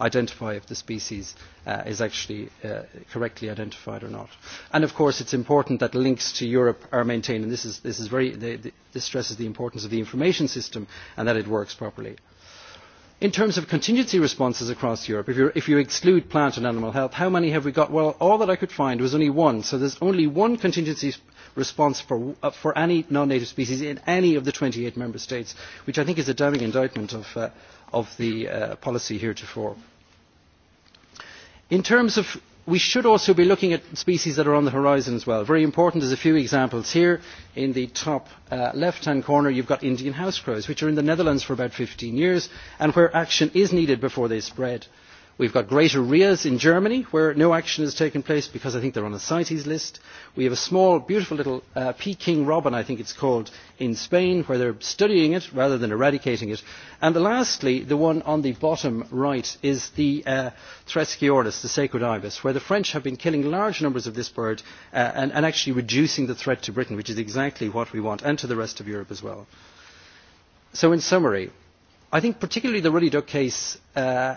identify if the species uh, is actually uh, correctly identified or not. And of course it's important that links to Europe are maintained and this, is, this, is very, the, the, this stresses the importance of the information system and that it works properly. In terms of contingency responses across Europe, if, you're, if you exclude plant and animal health, how many have we got? Well, all that I could find was only one. So there's only one contingency response for, uh, for any non-native species in any of the 28 member states, which I think is a damning indictment of, uh, of the uh, policy heretofore. In terms of we should also be looking at species that are on the horizon as well. Very important is a few examples here. In the top uh, left-hand corner, you've got Indian house crows, which are in the Netherlands for about 15 years, and where action is needed before they spread. Uh, We have great greater RIAs in Germany, where no action has taken place because I think they are on a CITES list. We have a small, beautiful little uh, Peking robin, I think it is called, in Spain, where they are studying it rather than eradicating it. And lastly, the one on the bottom right is the uh, the sacred ibis, where the French have been killing large numbers of this bird uh, and, and actually reducing the threat to Britain, which is exactly what we want, and to the rest of Europe as well. So in summary, I think particularly the Ruddy Duck case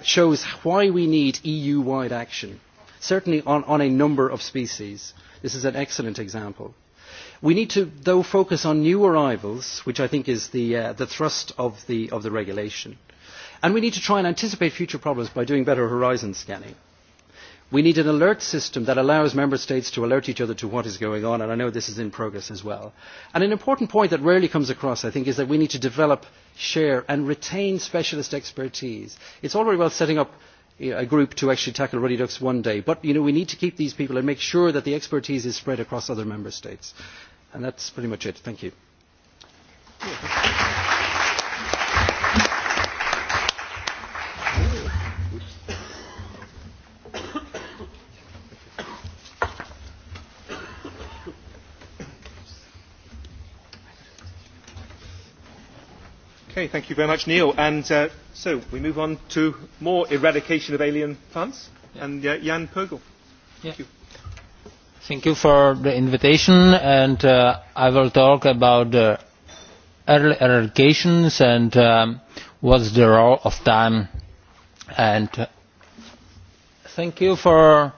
shows why we need EU-wide action, certainly on, a number of species. This is an excellent example. We need to, though, focus on new arrivals, which I think is the, thrust of the, regulation. And we need to try and anticipate future problems by doing better horizon scanning we need an alert system that allows member states to alert each other to what is going on and i know this is in progress as well. an important point that rarely comes across I think, is that we need to develop share and retain specialist expertise. it is all very well setting up a group to actually tackle ruddy ducks one day but we need to keep these people and make sure that the expertise is spread across other member states. that is pretty much it. thank you. thank you very much, Neil. And uh, so we move on to more eradication of alien plants. And uh, Jan Pergel. Thank you. Thank you for the invitation, and uh, I will talk about the early eradications and um, what's the role of time. And uh, thank you for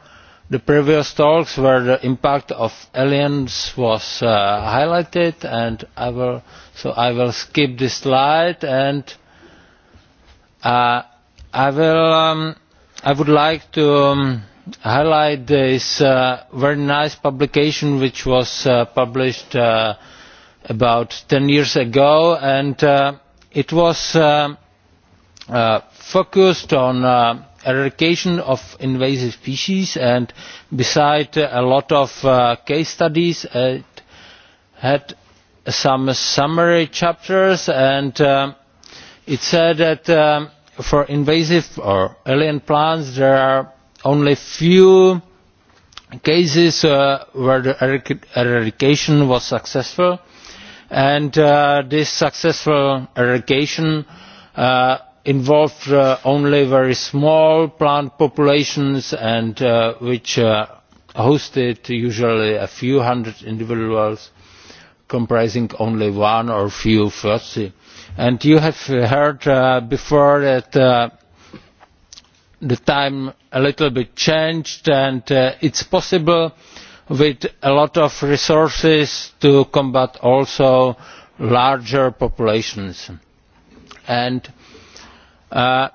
the previous talks where the impact of aliens was highlighted and I will, so I will skip this slide and uh, I will um, I would like to um, highlight this uh, very nice publication which was uh, published uh, about 10 years ago and uh, it was uh, uh, focused on uh, eradication of invasive species and besides a lot of uh, case studies it had some summary chapters and uh it said that um, for invasive or alien plants there are only few cases uh, where the eradication was successful and uh, this successful eradication uh, involved only very small plant populations and which hosted usually a few hundred individuals comprising only one or a few thirty. And you have heard before that the time a little bit changed and it is possible with a lot of resources to combat also larger populations. And Uh,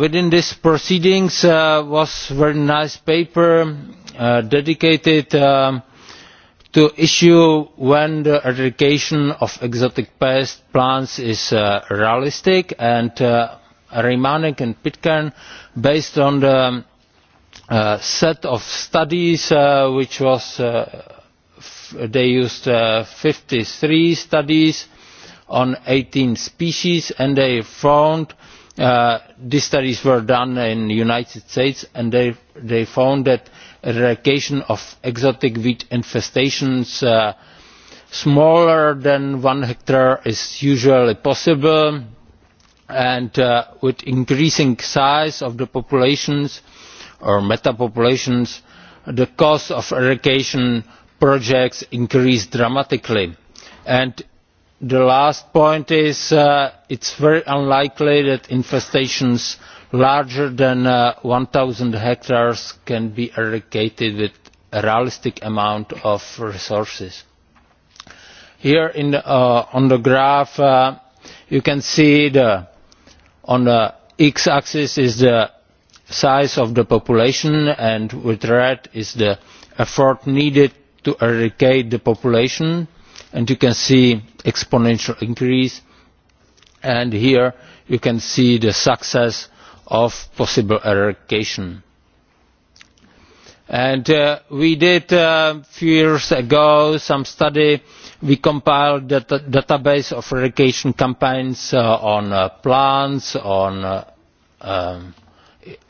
within these proceedings uh, was a very nice paper uh, dedicated um, to issue when the eradication of exotic pest plants is uh, realistic and uh, Raymanek and Pitcairn based on the uh, set of studies uh, which was uh, f they used uh, 53 studies on eighteen species and they found these studies were done in the united states and they found that eradication of exotic weed infestations smaller than one hectare is usually possible and with increasing size of the populations or meta populations the cost of eradication projects increased dramatically and the last point is that it is very unlikely that infestations larger than one thousand hectares can be eradicated with a realistic amount of resources. here on the graph you can see on the x axis is the size of the population and with red is the effort needed to eradicate the population and you can see exponential increase and here you can see the success of possible eradication. And uh, we did a few years ago some study. We compiled the database of eradication campaigns uh, on uh, plants, on uh, um,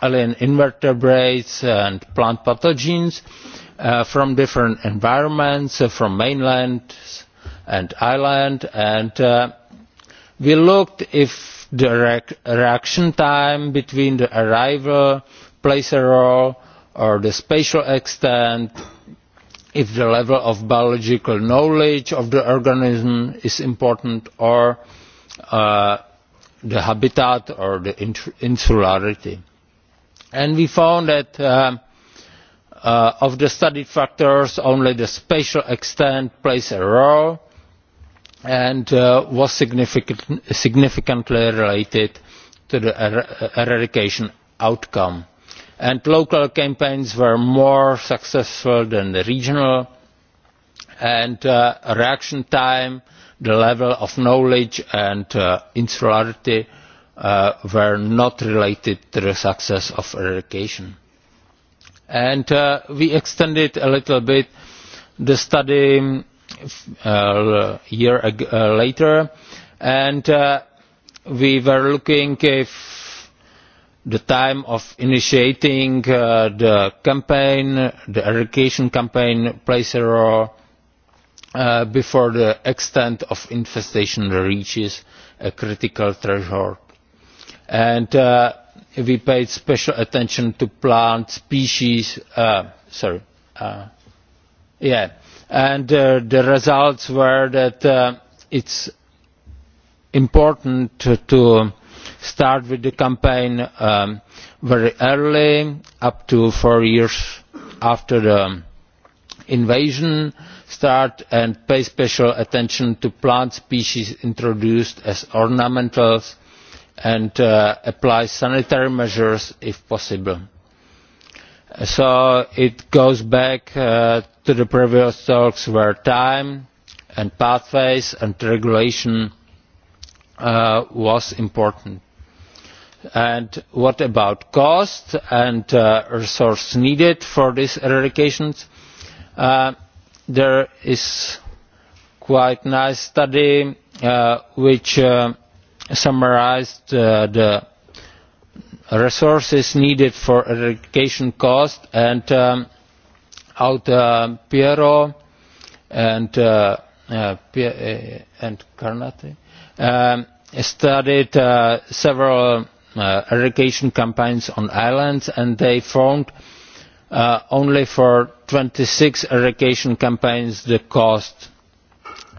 alien invertebrates and plant pathogens uh, from different environments, uh, from mainland, and Ireland, and we looked if the reaction time between the arrival plays a role, or the spatial extent, if the level of biological knowledge of the organism is important, or the habitat or the insularity. And we found that of the studied factors, only the spatial extent plays a role, and was significantly related to the eradication outcome. local campaigns were more successful than the regional and reaction time the level of knowledge and insularity were not related to the success of eradication. we extended a little bit the study a year later and we were looking if the time of initiating uh the campaign the eradication campaign plays a role uh before the extent of infestation reaches a critical threshold and uh we paid special attention to plant species uh sorry uh yeah and the results were that it is important to start with the campaign very early up to four years after the invasion start and pay special attention to plant species introduced as ornamentals and apply sanitary measures if possible so it goes back to the previous talks where time and pathways and regulation uh, was important. And what about cost and uh, resource needed for these eradications? Uh, there is quite nice study uh, which uh, summarized uh, the resources needed for eradication cost and um, Piero and uh, Carnate studied several eradication campaigns on islands and they found only for twenty six eradication campaigns the cost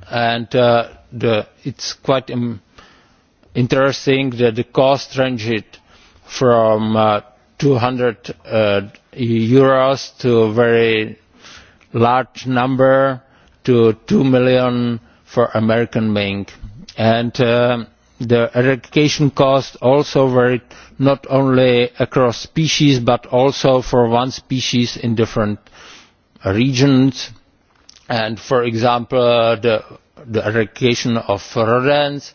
and it is it's quite interesting that the cost ranged from uh, 200 uh, euros to a very large number to 2 million for American mink. And uh, the eradication cost also varied not only across species but also for one species in different regions. And for example, the, the eradication of rodents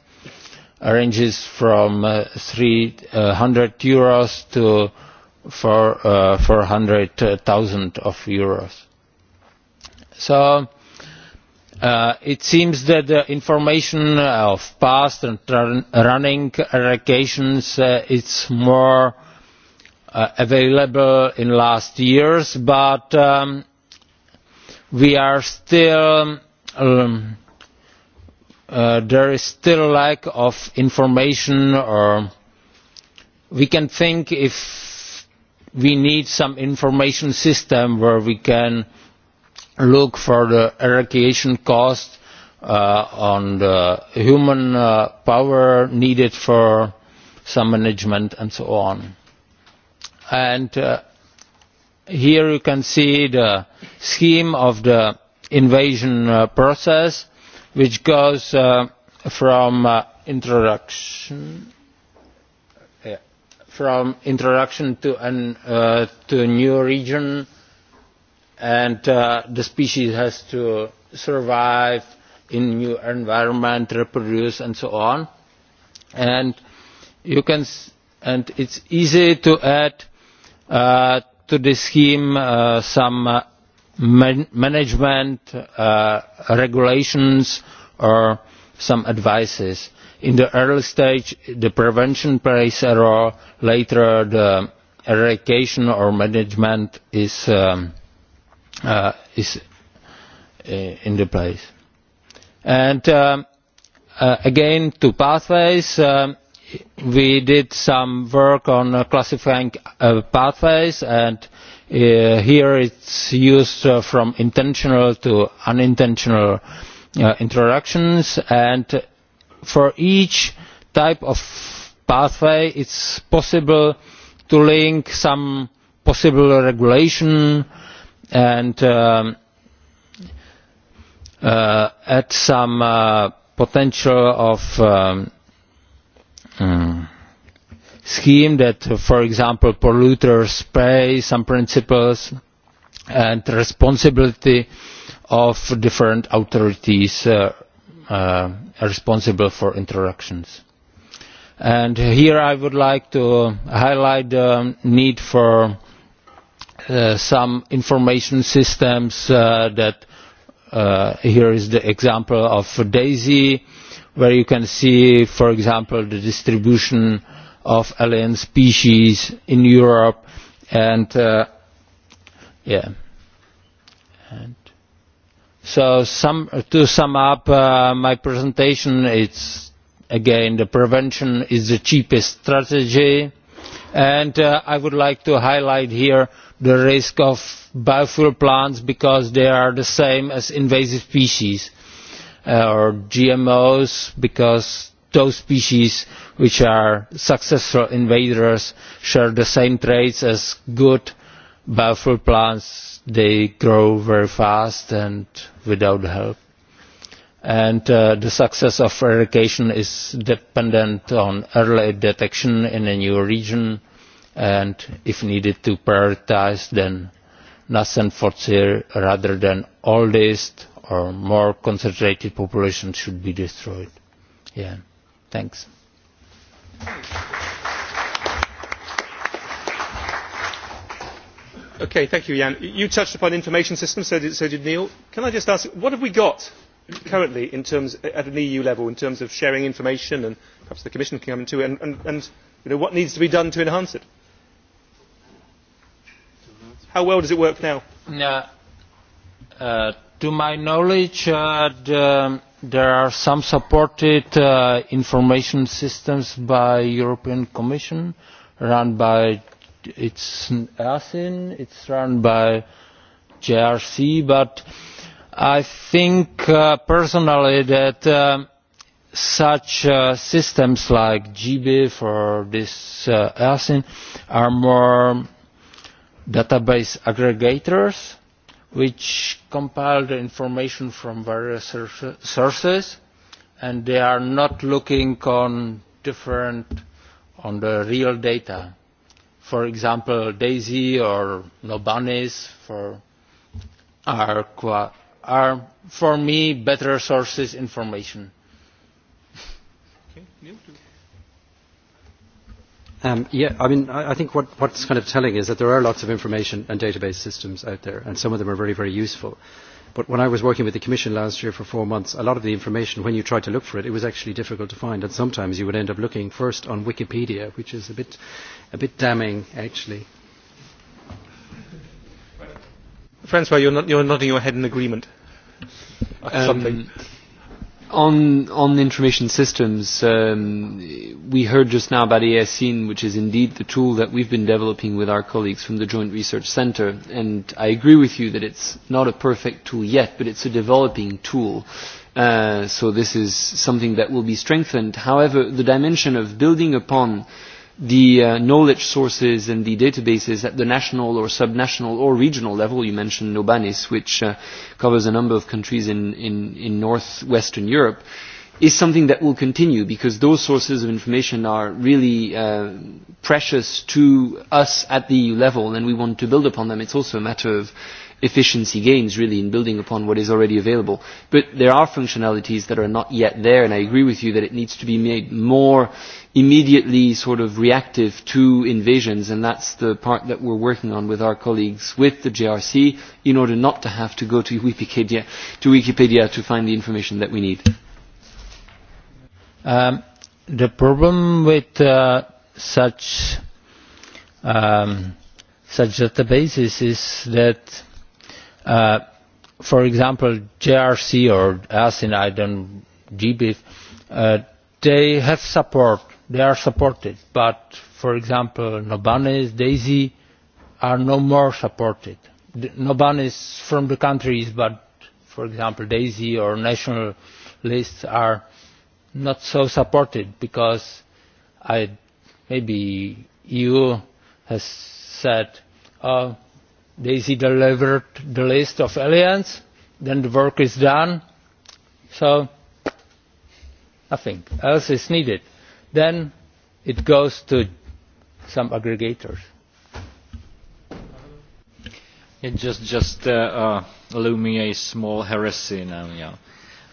ranges from uh, 300 euros to for uh, 400,000 of euros. So uh, it seems that the information of past and running allocations uh, it's more uh, available in last years, but um, we are still um, there is still a lack of information or we can think if we need some information system where we can look for the eradication cost on the human power needed for some management and so on. And here you can see the scheme of the invasion process which goes from uh introduction from introduction to an uh, to a new region and uh, the species has to survive in new environment reproduce and so on and you can s and it's easy to add uh, to the scheme uh, some uh, management regulations or some advice. in the early stage the prevention plays a role later the eradication or management is in place. and again to pathways we did some work on classifying pathways and here it's used from intentional to unintentional interactions and for each type of pathway it's possible to link some possible regulation and add some potential of um, um, scheme that, for example, polluters pay some principles and responsibility of different authorities responsible for interactions. And here I would like to highlight the need for some information systems that here is the example of DAISY where you can see, for example, the distribution of alien species in Europe and uh, yeah and so some to sum up uh, my presentation it's again the prevention is the cheapest strategy and uh, I would like to highlight here the risk of biofuel plants because they are the same as invasive species uh, or GMOs because those species uh, which are successful invaders, share the same traits as good biofuel plants. They grow very fast and without help. And uh, the success of eradication is dependent on early detection in a new region and, if needed, to prioritize then nascent fossil rather than oldest or more concentrated populations should be destroyed. Yeah, thanks. Okay, thank you, Jan. You touched upon information systems, so did, so did Neil. Can I just ask, what have we got currently in terms, at an EU level in terms of sharing information, and perhaps the Commission can come into it, and, and, and you know, what needs to be done to enhance it? How well does it work now? Uh, uh, to my knowledge, uh, the there are some supported uh, information systems by the European Commission, run by it's ASIN, it's run by JRC, but I think uh, personally that uh, such uh, systems like GBIF or this uh, ASIN are more database aggregators which compile the information from various sources and they are not looking on different on the real data. For example, DAISY or Nobanis for are, qua, are for me better sources information. Okay. Um, yeah, I mean, I, I think what, what's kind of telling is that there are lots of information and database systems out there, and some of them are very, very useful. But when I was working with the Commission last year for four months, a lot of the information, when you tried to look for it, it was actually difficult to find. And sometimes you would end up looking first on Wikipedia, which is a bit, a bit damning, actually. Francois, you're, not, you're nodding your head in agreement. Um, on on information systems, um, we heard just now about ASIN, which is indeed the tool that we've been developing with our colleagues from the Joint Research Centre. And I agree with you that it's not a perfect tool yet, but it's a developing tool. Uh, so this is something that will be strengthened. However, the dimension of building upon uh, the uh, knowledge sources and the databases at the national or subnational or regional level. You mentioned Nobanis, which uh, covers a number of countries in, in, in northwestern Europe, is something that will continue because those sources of information are really uh, precious to us at the EU level and we want to build upon them. It's also a matter of efficiency gains really in building upon what is already available. But there are functionalities that are not yet there and I agree with you that it needs to be made more immediately sort of reactive to invasions and that's the part that we're working on with our colleagues with the JRC in order not to have to go to Wikipedia to, Wikipedia to find the information that we need. Um, the problem with uh, such um, such databases is that for example jrc or asin i don't gbif uh, they have support they are supported but for example nobanes daisy are no more supported nobanes from the countries but for example daisy or national lists are not so supported because I maybe EU has said uh, they delivered the list of aliens, then the work is done, so nothing else is needed. Then it goes to some aggregators. It just just uh, uh, allow me a small heresy now, yeah.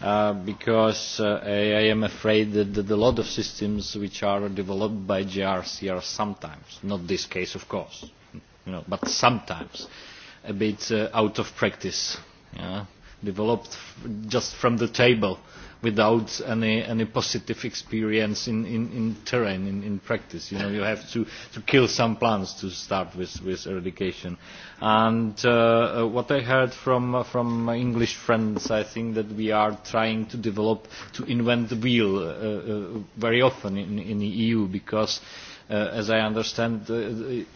Uh, because uh, I, I am afraid that, that a lot of systems which are developed by GRC are sometimes, not this case of course, you know, but sometimes a bit uh, out of practice, yeah? developed f just from the table without any, any positive experience in, in, in terrain, in, in practice. You know, you have to, to kill some plants to start with, with eradication. And uh, what I heard from, from my English friends, I think that we are trying to develop, to invent the wheel uh, uh, very often in, in the EU because uh, as I understand,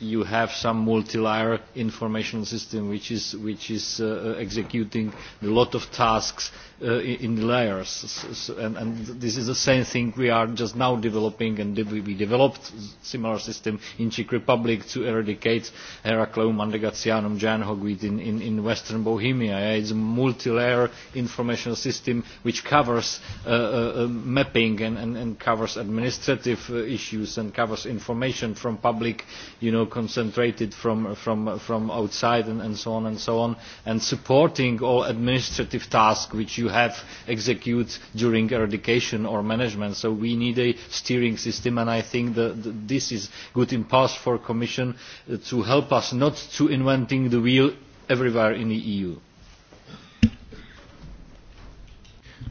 you have some multi-layer information system which is, which is executing a lot of tasks uh, in layers. And, and this is the same thing we are just now developing, and we developed a similar system in Czech Republic to eradicate Heracleum andegatianum giant hogweed in, in, in western Bohemia. It's a multi-layer information system which covers uh, uh, mapping and, and, and covers administrative uh, issues and covers information from public, you know, concentrated from, from, from outside and, and so on and so on, and supporting all administrative tasks which you you have execute during eradication or management. So we need a steering system and I think that this is good impulse for Commission to help us not to inventing the wheel everywhere in the EU.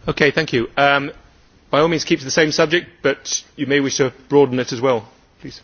Okay, thank you. Um, by all means keep to the same subject, but you may wish to broaden it as well, please.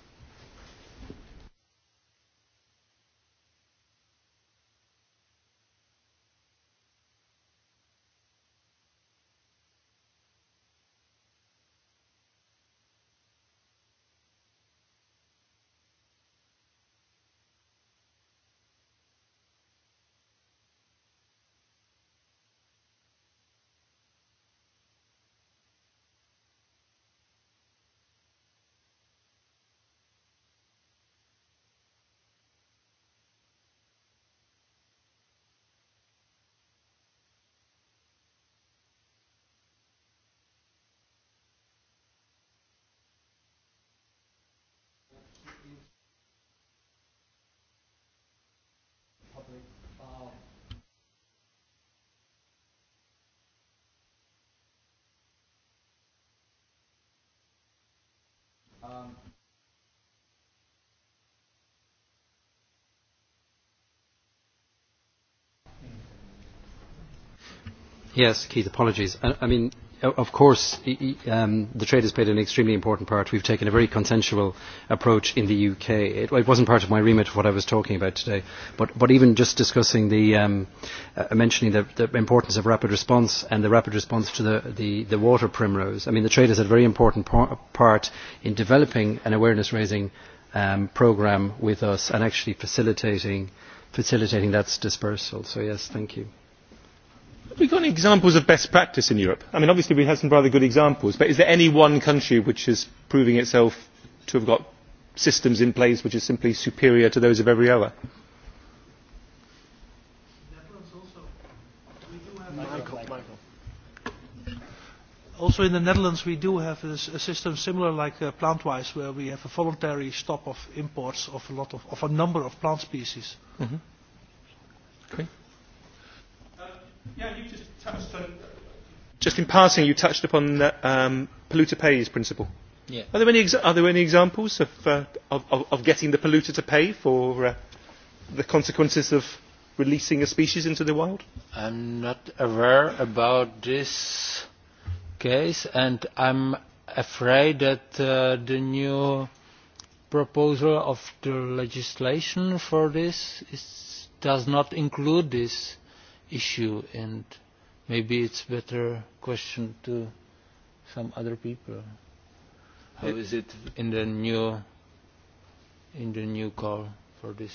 Yes, Keith, apologies. I, I mean, of course, um, the trade has played an extremely important part. We've taken a very consensual approach in the UK. It, it wasn't part of my remit of what I was talking about today, but, but even just discussing the, um, uh, mentioning the, the importance of rapid response and the rapid response to the, the, the water primrose. I mean, the trade has had a very important par- part in developing an awareness-raising um, programme with us and actually facilitating, facilitating that dispersal. So yes, thank you. Have we got any examples of best practice in Europe? I mean, obviously we have some rather good examples, but is there any one country which is proving itself to have got systems in place which are simply superior to those of every other? Also in the Netherlands we do have a, a system similar like uh, Plantwise where we have a voluntary stop of imports of a, lot of, of a number of plant species. Mm -hmm. okay. Yeah, you just touched on. Just in passing, you touched upon the um, polluter pays principle. Yeah. Are there any ex- are there any examples of, uh, of, of of getting the polluter to pay for uh, the consequences of releasing a species into the wild? I'm not aware about this case, and I'm afraid that uh, the new proposal of the legislation for this is, does not include this issue and maybe it's a better question to some other people. How is it in the new in the new call for this?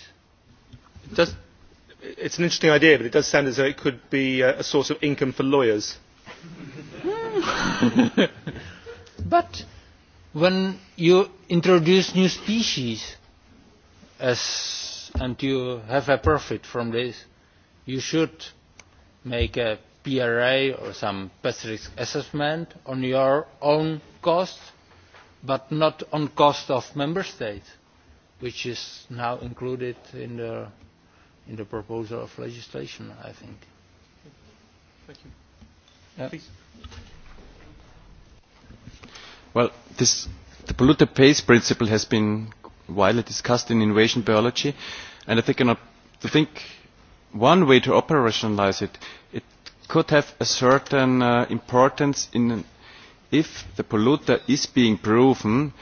It does, it's an interesting idea, but it does sound as though it could be a, a source of income for lawyers. but when you introduce new species as, and you have a profit from this, you should make a pra or some best risk assessment on your own cost but not on the cost of member states which is now included in the in the proposal of legislation i think thank you Please. well this the polluter pays principle has been widely discussed in innovation biology and i think, I think one way to operationalise it, it could have a certain uh, importance in if the polluter is being proven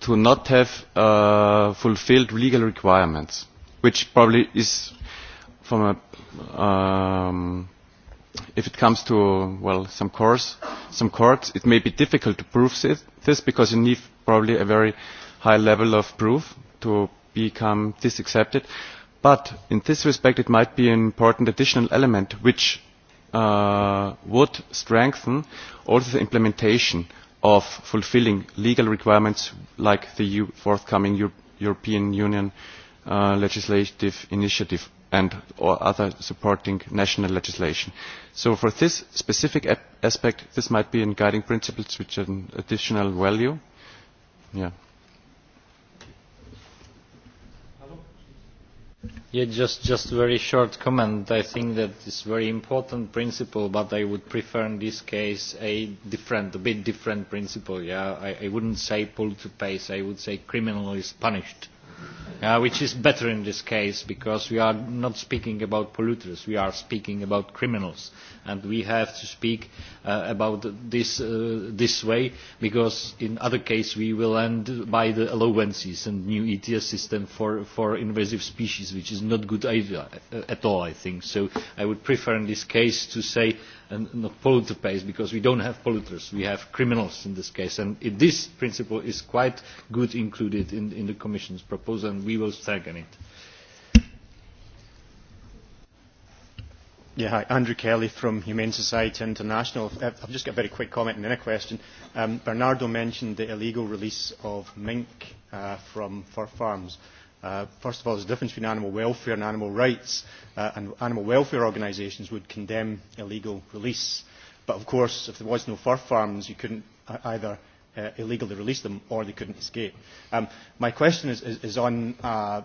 to not have uh, fulfilled legal requirements, which probably is from a um, if it comes to well some courts, some courts, it may be difficult to prove this because you need probably a very high level of proof to become this accepted but in this respect it might be an important additional element which uh, would strengthen also the implementation of fulfilling legal requirements like the EU forthcoming Euro European Union uh, legislative initiative and or other supporting national legislation. So for this specific aspect, this might be in guiding principles which are an additional value. Yeah. Yeah, just just a very short comment. I think that it's a very important principle, but I would prefer in this case a different, a bit different principle. Yeah, I, I wouldn't say pull to pace. I would say criminal is punished which is better in this case because we are not speaking about polluters we are speaking about criminals and we have to speak about this this way because in other case we will end up with the allowances and new ETS system for for invasive species which is not good idea at all I think so I would prefer in this case to say and not polluter pays because we do not have polluters we have criminals in this case and this principle is quite well included in the commission's proposal and we will second it. Yeah, hi, Andrew Kelly from Humane Society International. I've just got a very quick comment and then a question. Um, Bernardo mentioned the illegal release of mink uh, from fur farms. Uh, first of all, there is a difference between animal welfare and animal rights, and animal welfare organisations would condemn illegal release. But of course, if there was no fur farms, you could not either illegally release them or they could not escape. my question is, is, on, uh,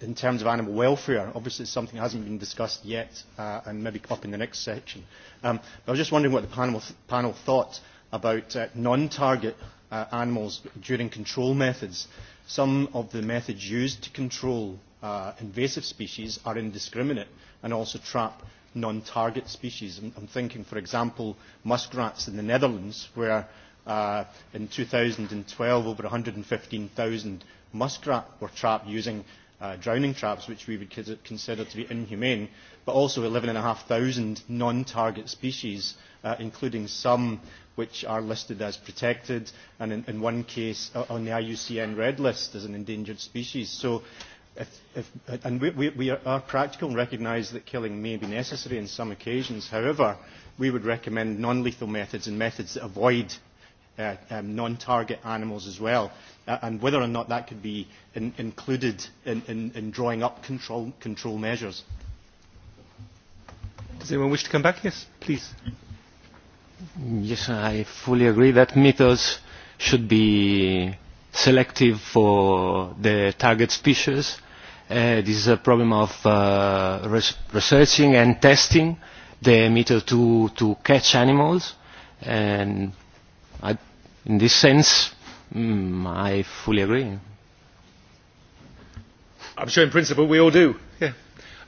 in terms of animal welfare, obviously it's something that hasn't been discussed yet uh, and maybe up in the next section. Um, but I was just wondering what the panel, panel thought about uh, non-target uh, animals during control methods Some of the methods used to control uh, invasive species are indiscriminate and also trap non-target species. I'm, I'm thinking, for example, muskrats in the Netherlands, where uh, in 2012 over 115,000 muskrat were trapped using uh, drowning traps, which we would consider to be inhumane, but also 11,500 non-target species, uh, including some which are listed as protected, and in, in one case uh, on the IUCN red list as an endangered species. So, if, if, and we, we, we are practical and recognise that killing may be necessary in some occasions. However, we would recommend non-lethal methods and methods that avoid uh, um, non-target animals as well, uh, and whether or not that could be in, included in, in, in drawing up control, control measures. Does anyone wish to come back? Yes, please. Yes, I fully agree that methods should be selective for the target species. Uh, this is a problem of uh, res researching and testing the method to, to catch animals. And I, in this sense, mm, I fully agree. I'm sure in principle we all do. Yeah.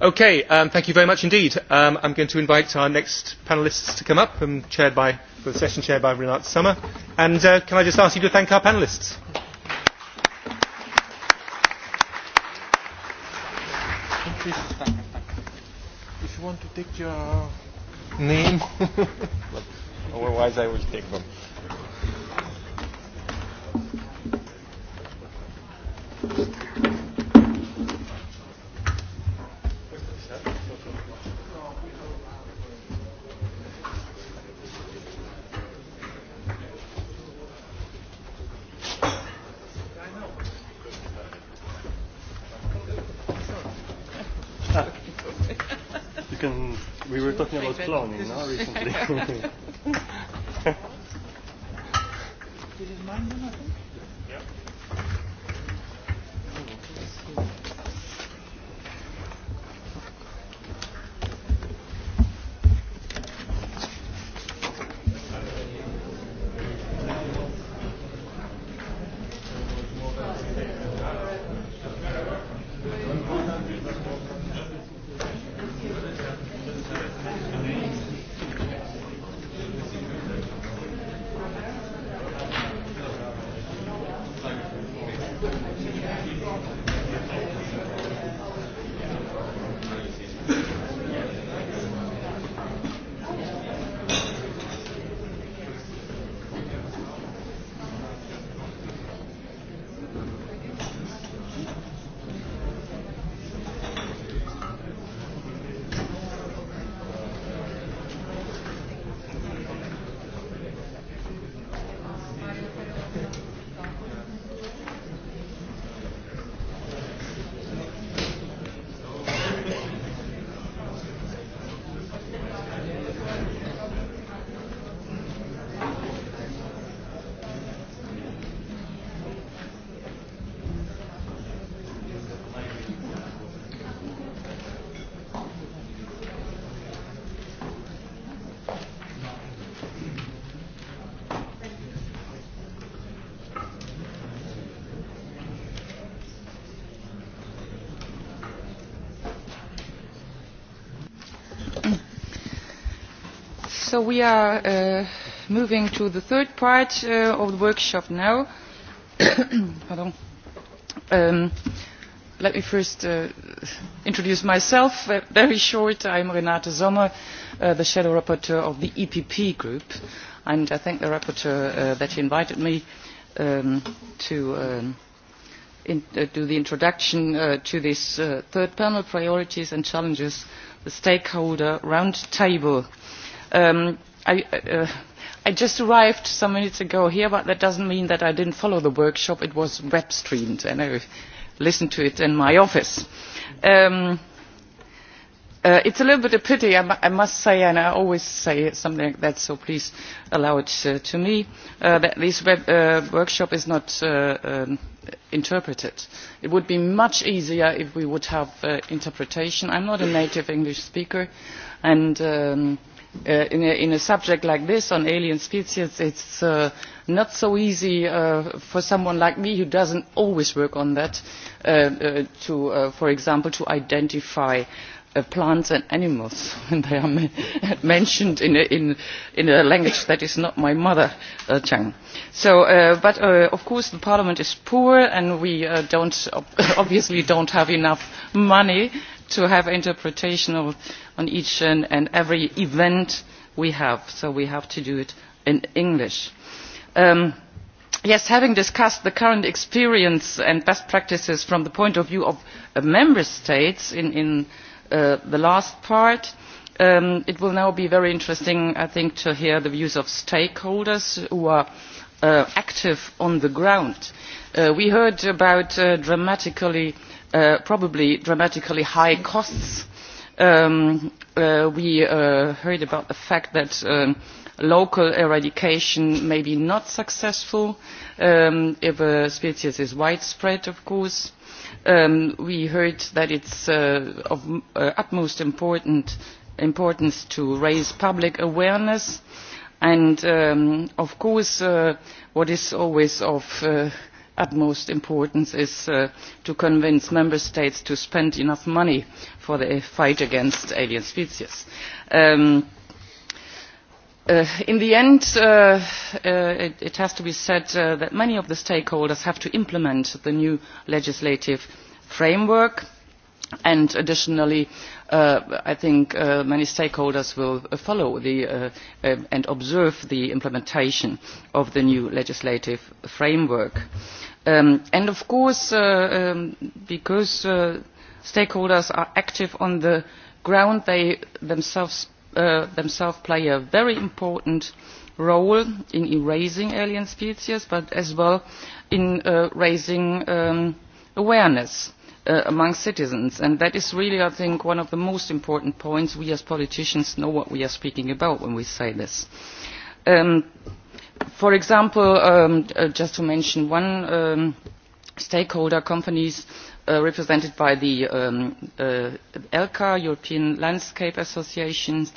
Okay, um, thank you very much indeed. Um, I'm going to invite our next panellists to come up, chaired by, for the session chaired by renate Sommer. And uh, can I just ask you to thank our panellists? If you want to take your name, otherwise I will take them. so we are uh, moving to the third part uh, of the workshop now. Pardon. Um, let me first uh, introduce myself. Uh, very short, I'm Renate Sommer, uh, the shadow rapporteur of the EPP group, and I thank the rapporteur uh, that she invited me um, to um, in, uh, do the introduction uh, to this uh, third panel, Priorities and Challenges, the Stakeholder Roundtable. I just arrived some minutes ago here, but that doesn't mean that I didn't follow the workshop. It was web streamed, and I listened to it in my office. Um, uh, it's a little bit of pity, I, I must say, and I always say something like that, so please allow it uh, to me, uh, that this web, uh, workshop is not uh, um, interpreted. It would be much easier if we would have uh, interpretation. I'm not a native English speaker, and... Um, in, a, in a subject like this on alien species, it is not so easy for someone like me who does not always work on that, to, for example, to identify plants and animals when they are mentioned in a, language that is not my mother tongue. but of course parliament is poor and we obviously don't, obviously have enough money to have interpretation of, on each and, and every event we have. So we have to do it in English. Um, yes, having discussed the current experience and best practices from the point of view of uh, member states in, in uh, the last part, um, it will now be very interesting, I think, to hear the views of stakeholders who are uh, active on the ground. Uh, we heard about uh, dramatically uh, probably dramatically high costs. Um, uh, we uh, heard about the fact that um, local eradication may be not successful um, if a species is widespread, of course. Um, we heard that it's uh, of uh, utmost important, importance to raise public awareness. And um, of course, uh, what is always of uh, utmost importance is to convince member states to spend enough money for the fight against alien species. in the end, it, has to be said that many of the stakeholders have to implement the new legislative framework and additionally I think many stakeholders will follow and observe the implementation of the new legislative framework. and of course, because stakeholders are active on the ground, they themselves, play a very important role in erasing alien species, but as well in raising awareness among citizens. And that is really, I think, one of the most important points. We as politicians know what we are speaking about when we say this. for example, just to mention one stakeholder, companies represented by the ELCA, European Landscape Associations,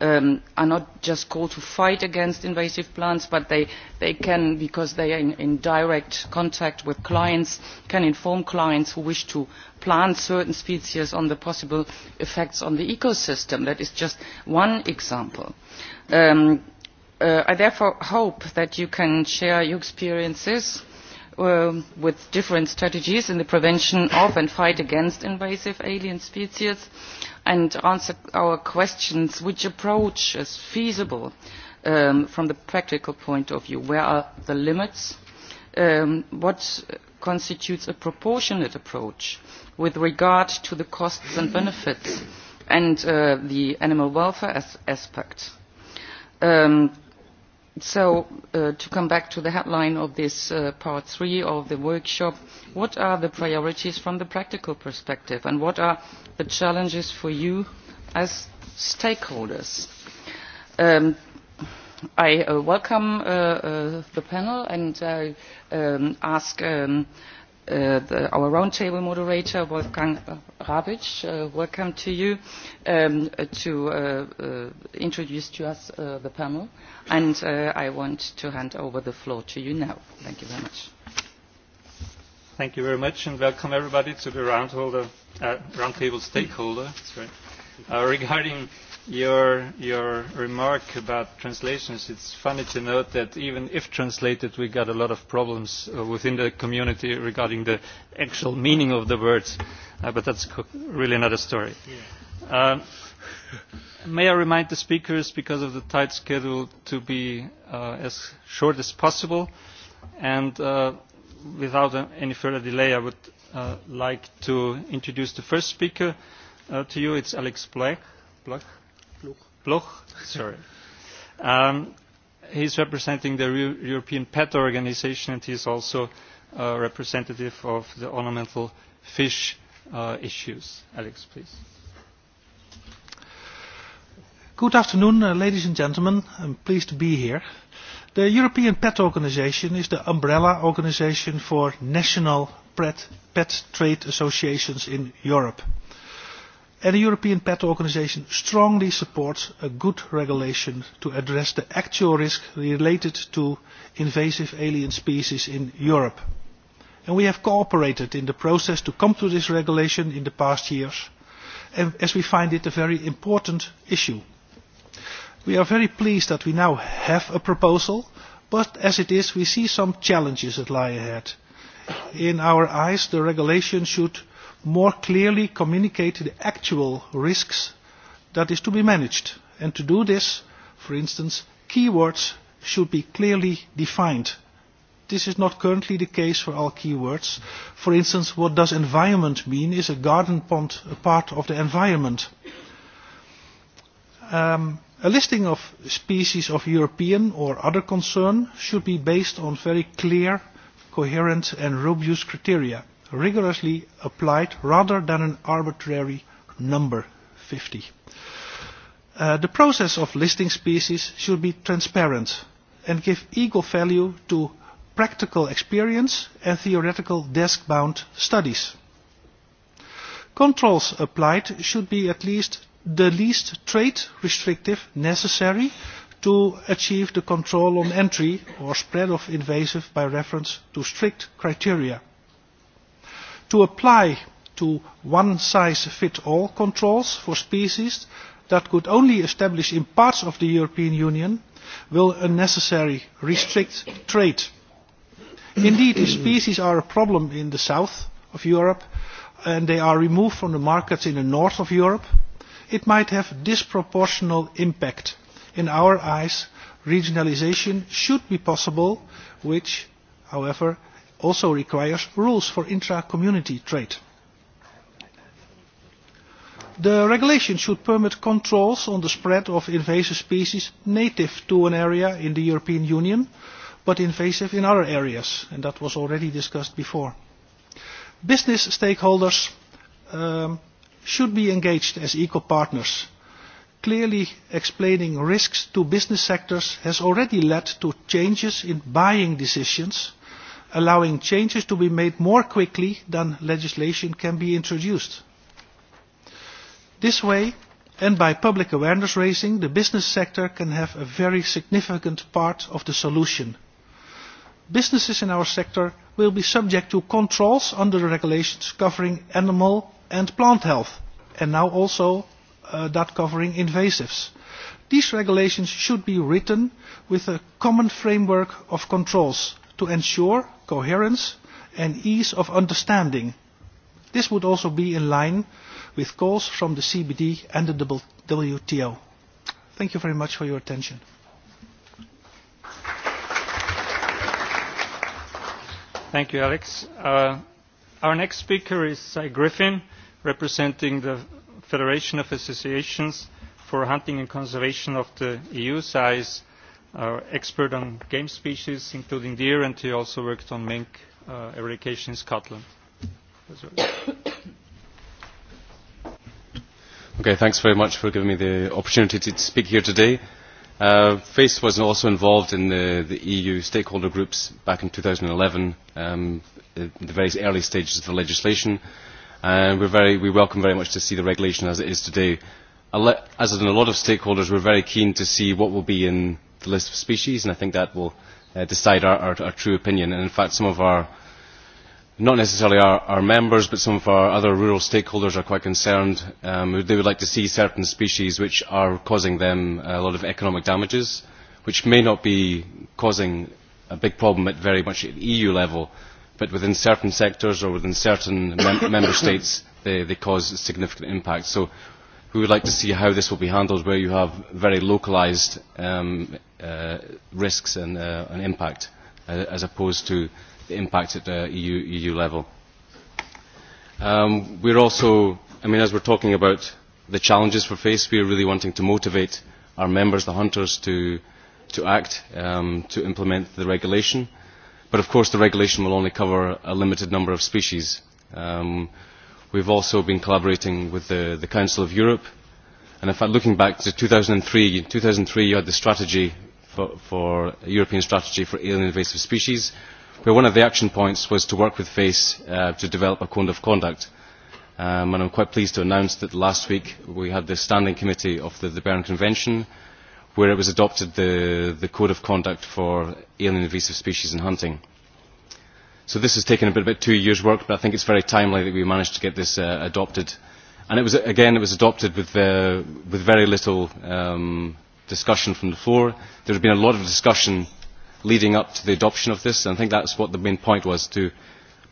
are not just called to fight against invasive plants but they, they can because they are in, in direct contact with clients can inform clients who wish to plant certain species on the possible effects on the ecosystem. That is just one example. Um, uh, I therefore hope that you can share your experiences with different strategies in the prevention of and fight against invasive alien species and answer our questions which approach is feasible from the practical point of view. Where are the limits? what constitutes a proportionate approach with regard to the costs and benefits and the animal welfare aspect? So to come back to the headline of this part three of the workshop, what are the priorities from the practical perspective and what are the challenges for you as stakeholders? I uh welcome uh the panel and I ask um uh, the, our roundtable moderator, Wolfgang Rabic. Uh, welcome to you um, to uh, uh, introduce to us uh, the panel. And uh, I want to hand over the floor to you now. Thank you very much. Thank you very much, and welcome everybody to the roundtable uh, round stakeholder sorry, uh, regarding your your remark about translations it's funny to note that even if translated we got a lot of problems within the community regarding the actual meaning of the words uh, but that's really another story yeah. may i remind the speakers because of the tight schedule to be uh, as short as possible and uh, without any further delay i would uh, like to introduce the first speaker uh, to you it's alex black, black Bloch. Sorry. Um, he's representing the European Pet Organization and he's also uh, representative of the ornamental fish uh, issues. Alex, please. Good afternoon, uh, ladies and gentlemen. I'm pleased to be here. The European Pet Organization is the umbrella organization for national pet, pet trade associations in Europe and the European Pet Organisation strongly supports a good regulation to address the actual risk related to invasive alien species in Europe. And we have cooperated in the process to come to this regulation in the past years, as we find it a very important issue. We are very pleased that we now have a proposal, but as it is, we see some challenges that lie ahead. In our eyes, the regulation should more clearly communicate the actual risks that is to be managed. And to do this, for instance, keywords should be clearly defined. This is not currently the case for all keywords. For instance, what does environment mean? Is a garden pond a part of the environment? Um, a listing of species of European or other concern should be based on very clear, coherent and robust criteria rigorously applied rather than an arbitrary number 50. Uh, the process of listing species should be transparent and give equal value to practical experience and theoretical desk-bound studies. Controls applied should be at least the least trade restrictive necessary to achieve the control on entry or spread of invasive by reference to strict criteria to apply to one-size-fits-all controls for species that could only establish in parts of the European Union will unnecessarily restrict trade. Indeed, if species are a problem in the south of Europe and they are removed from the markets in the north of Europe, it might have disproportional impact. In our eyes, regionalisation should be possible, which, however, also requires rules for intra-community trade. The regulation should permit controls on the spread of invasive species native to an area in the European Union, but invasive in other areas, and that was already discussed before. Business stakeholders um, should be engaged as equal partners. Clearly explaining risks to business sectors has already led to changes in buying decisions allowing changes to be made more quickly than legislation can be introduced. This way, and by public awareness raising, the business sector can have a very significant part of the solution. Businesses in our sector will be subject to controls under the regulations covering animal and plant health, and now also uh, that covering invasives. These regulations should be written with a common framework of controls to ensure coherence and ease of understanding. This would also be in line with calls from the CBD and the WTO. Thank you very much for your attention. Thank you, Alex. Uh, our next speaker is Cy Griffin, representing the Federation of Associations for Hunting and Conservation of the EU. Cy is our expert on game species, including deer, and he also worked on mink uh, eradication in Scotland. Okay, thanks very much for giving me the opportunity to speak here today. Uh, FACE was also involved in the, the EU stakeholder groups back in 2011, um, in the very early stages of the legislation. And we're very, we welcome very much to see the regulation as it is today. As in a lot of stakeholders, we're very keen to see what will be in the list of species, and I think that will uh, decide our, our, our true opinion. And in fact, some of our, not necessarily our, our members, but some of our other rural stakeholders are quite concerned. Um, they would like to see certain species which are causing them a lot of economic damages, which may not be causing a big problem at very much at EU level, but within certain sectors or within certain mem member states, they, they cause significant impact. So we would like to see how this will be handled where you have very localised um, uh, risks and, uh, and impact uh, as opposed to the impact at the EU, EU level. Um, we're also, I mean, as we're talking about the challenges for face, we're really wanting to motivate our members, the hunters, to, to act, um, to implement the regulation. But of course the regulation will only cover a limited number of species. Um, We've also been collaborating with the, the Council of Europe. And in fact, looking back to 2003, in 2003 you had the strategy for, for a European strategy for alien invasive species, where one of the action points was to work with FACE uh, to develop a code of conduct. Um, and I'm quite pleased to announce that last week we had the standing committee of the, the Berne Convention, where it was adopted the, the code of conduct for alien invasive species and hunting So this has taken a bit about two years' work, but I think it's very timely that we managed to get this uh, adopted. And it was, again, it was adopted with, uh, with very little um, discussion from the floor. There has been a lot of discussion leading up to the adoption of this, and I think that's what the main point was, to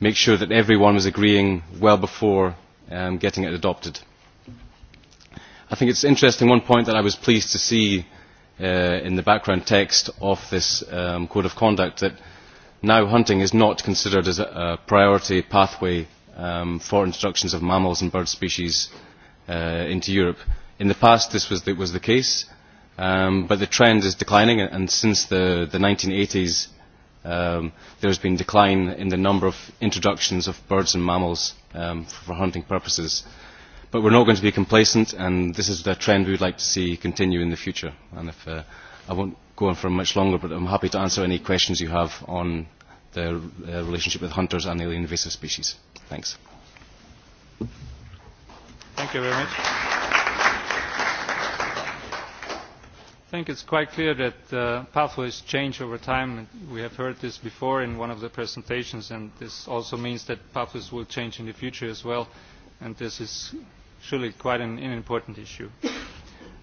make sure that everyone was agreeing well before um, getting it adopted. I think it's interesting, one point that I was pleased to see uh, in the background text of this um, code of conduct, that now hunting is not considered as a priority pathway for introductions of mammals and bird species into Europe. In the past, this was the, was the case, um, but the trend is declining, and since the, the 1980s, um, has been decline in the number of introductions of birds and mammals um, for hunting purposes. But we're not going to be complacent, and this is the trend we would like to see continue in the future. And if, uh, I won't go on for much longer, but I'm happy to answer any questions you have on the uh, relationship with hunters and alien invasive species. Thanks. Thank you very much. I think it's quite clear that uh, pathways change over time. We have heard this before in one of the presentations, and this also means that pathways will change in the future as well. And this is surely quite an, an important issue.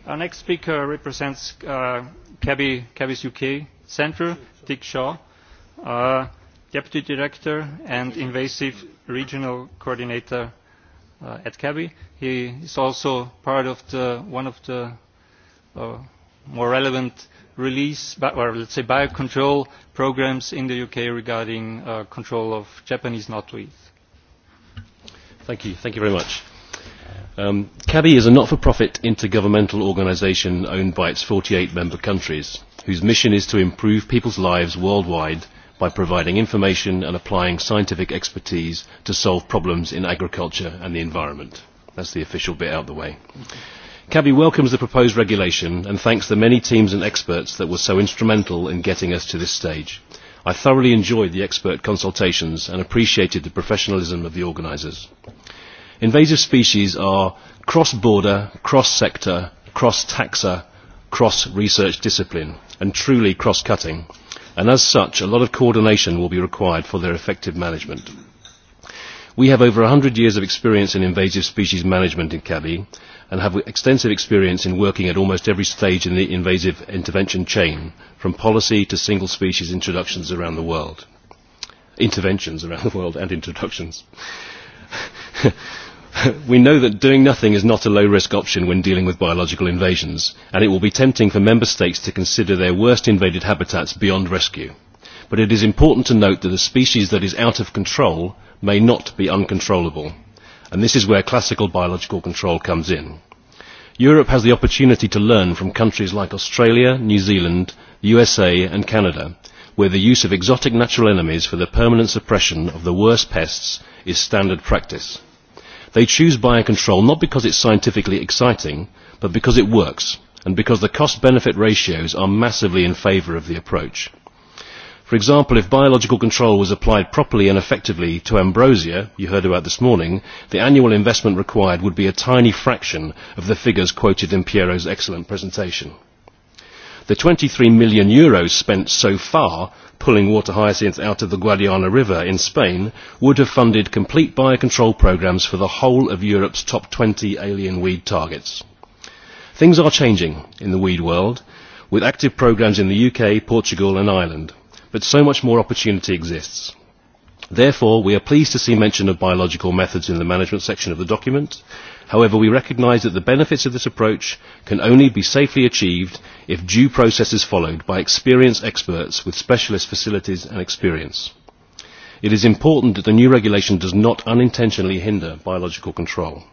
Our next speaker represents uh, Cabby's UK Centre, Dick Shaw. Uh, Deputy Director and Invasive Regional Coordinator at CABI. He is also part of the, one of the more relevant release, or let's say biocontrol programmes in the UK regarding control of Japanese knotweed. Thank you. Thank you very much. Um, CABI is a not-for-profit intergovernmental organisation owned by its 48 member countries, whose mission is to improve people's lives worldwide by providing information and applying scientific expertise to solve problems in agriculture and the environment. That is the official bit out of the way. CABI welcomes the proposed regulation and thanks the many teams and experts that were so instrumental in getting us to this stage. I thoroughly enjoyed the expert consultations and appreciated the professionalism of the organisers. Invasive species are cross-border, cross-sector, cross-taxa, cross-research discipline and truly cross-cutting and as such a lot of coordination will be required for their effective management. We have over 100 hundred years of experience in invasive species management in Kabi and have extensive experience in working at almost every stage in the invasive intervention chain, from policy to single species introductions around the world. Interventions around the world and introductions we know that doing nothing is not a low risk option when dealing with biological invasions and it will be tempting for member states to consider their worst invaded habitats beyond rescue but it is important to note that a species that is out of control may not be uncontrollable and this is where classical biological control comes in. europe has the opportunity to learn from countries like australia new zealand the usa and canada where the use of exotic natural enemies for the permanent suppression of the worst pests is standard practice They choose biocontrol not because it's scientifically exciting, but because it works and because the cost-benefit ratios are massively in favour of the approach. For example, if biological control was applied properly and effectively to ambrosia, you heard about this morning, the annual investment required would be a tiny fraction of the figures quoted in Piero's excellent presentation The €23 million Euros spent so far pulling water hyacinth out of the Guadiana River in Spain would have funded complete biocontrol programmes for the whole of Europe's top 20 alien weed targets. Things are changing in the weed world, with active programmes in the UK, Portugal and Ireland, but so much more opportunity exists therefore we are pleased to see mention of biological methods in the management section of the document. however we recognise that the benefits of this approach can only be safely achieved if due process is followed by experienced experts with specialist facilities and experience. it is important that the new regulation does not unintentionally hinder biological control.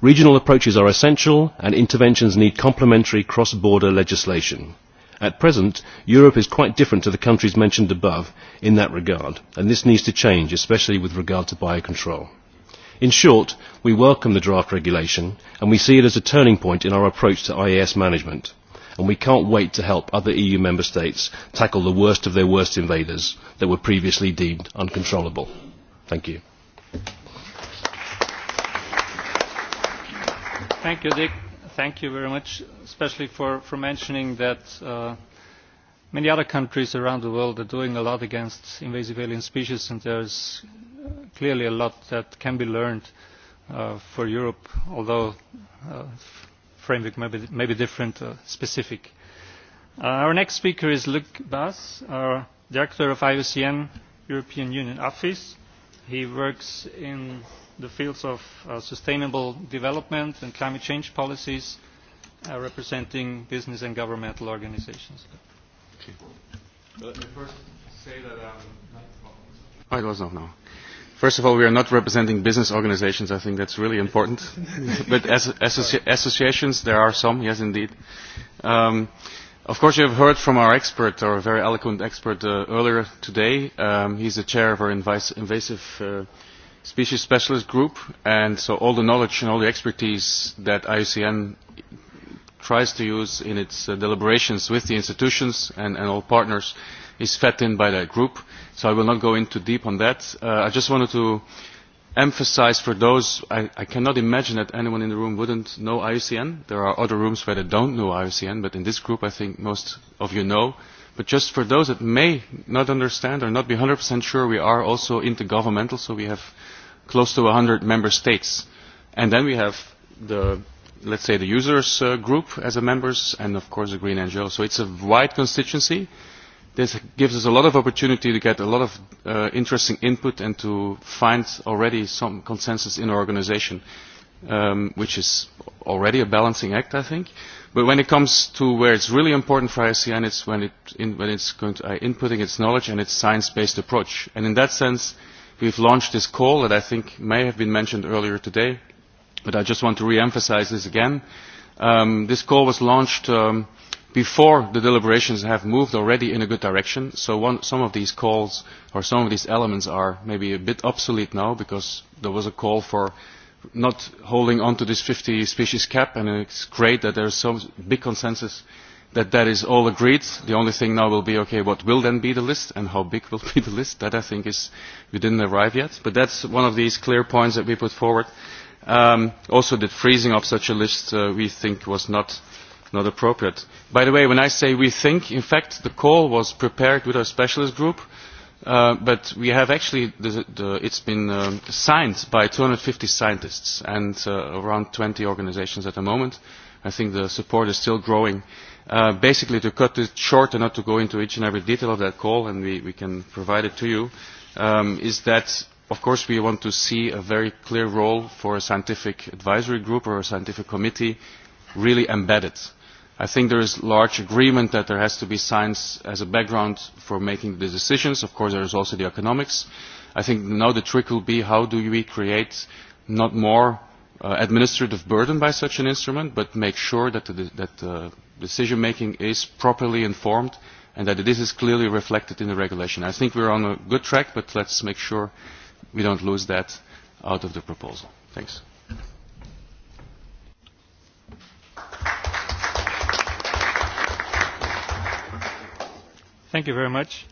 regional approaches are essential and interventions need complementary cross border legislation at present europe is quite different to the countries mentioned above in that regard and this needs to change especially with regard to biocontrol. in short we welcome the draft regulation and we see it as a turning point in our approach to ias management and we cannot wait to help other eu member states tackle the worst of their worst invaders that were previously deemed uncontrollable. thank you thank you very much, especially for, for mentioning that uh, many other countries around the world are doing a lot against invasive alien species, and there's clearly a lot that can be learned uh, for Europe, although uh, framework may be, may be different, or specific. Uh, our next speaker is Luc Bas, our director of IUCN European Union Office. He works in the fields of sustainable development and climate change policies representing business and governmental organizations. Let me first say that um, it was not First of all, we are not representing business organizations. I think that's really important. but as, associ associations, there are some, yes, indeed. Um, Of course, you have heard from our expert, our very eloquent expert, uh, earlier today. Um, he's the chair of our invasive uh, species specialist group, and so all the knowledge and all the expertise that IUCN tries to use in its uh, deliberations with the institutions and, and all partners is fed in by that group. So I will not go into deep on that. Uh, I just wanted to emphasize for those, I, I cannot imagine that anyone in the room wouldn't know IUCN. There are other rooms where they don't know IUCN, but in this group I think most of you know But just for those that may not understand or not be 100% sure, we are also intergovernmental, so we have close to 100 member states. And then we have the, let's say, the users uh, group as a members, and of course the Green NGO. So it's a wide constituency. This gives us a lot of opportunity to get a lot of uh, interesting input and to find already some consensus in our organization um, which is already a balancing act, I think. But when it comes to where it's really important for ICN, it's when, it in, when it's going to, uh, inputting its knowledge and its science-based approach. And in that sense, we've launched this call that I think may have been mentioned earlier today, but I just want to re-emphasize this again. Um, this call was launched um, before the deliberations have moved already in a good direction. So one, some of these calls or some of these elements are maybe a bit obsolete now because there was a call for not holding on to this 50 species cap, and it's great that there's so big consensus that that is all agreed. The only thing now will be, okay, what will then be the list and how big will be the list? That I think is, we didn't arrive yet. But that's one of these clear points that we put forward. Um, also, the freezing of such a list uh, we think was not, not appropriate. By the way, when I say we think, in fact, the call was prepared with our specialist group but we have actually, the, the, it's been uh, signed by 250 scientists and uh, around 20 organizations at the moment. I think the support is still growing. Uh, basically, to cut it short and not to go into each and every detail of that call, and we, we can provide it to you, um, is that, of course, we want to see a very clear role for a scientific advisory group or a scientific committee really embedded I think there is large agreement that there has to be science as a background for making the decisions. Of course, there is also the economics. I think now the trick will be how do we create not more uh, administrative burden by such an instrument, but make sure that the, that the decision making is properly informed and that this is clearly reflected in the regulation. I think we're on a good track, but let's make sure we don't lose that out of the proposal. Thanks. Thank you very much.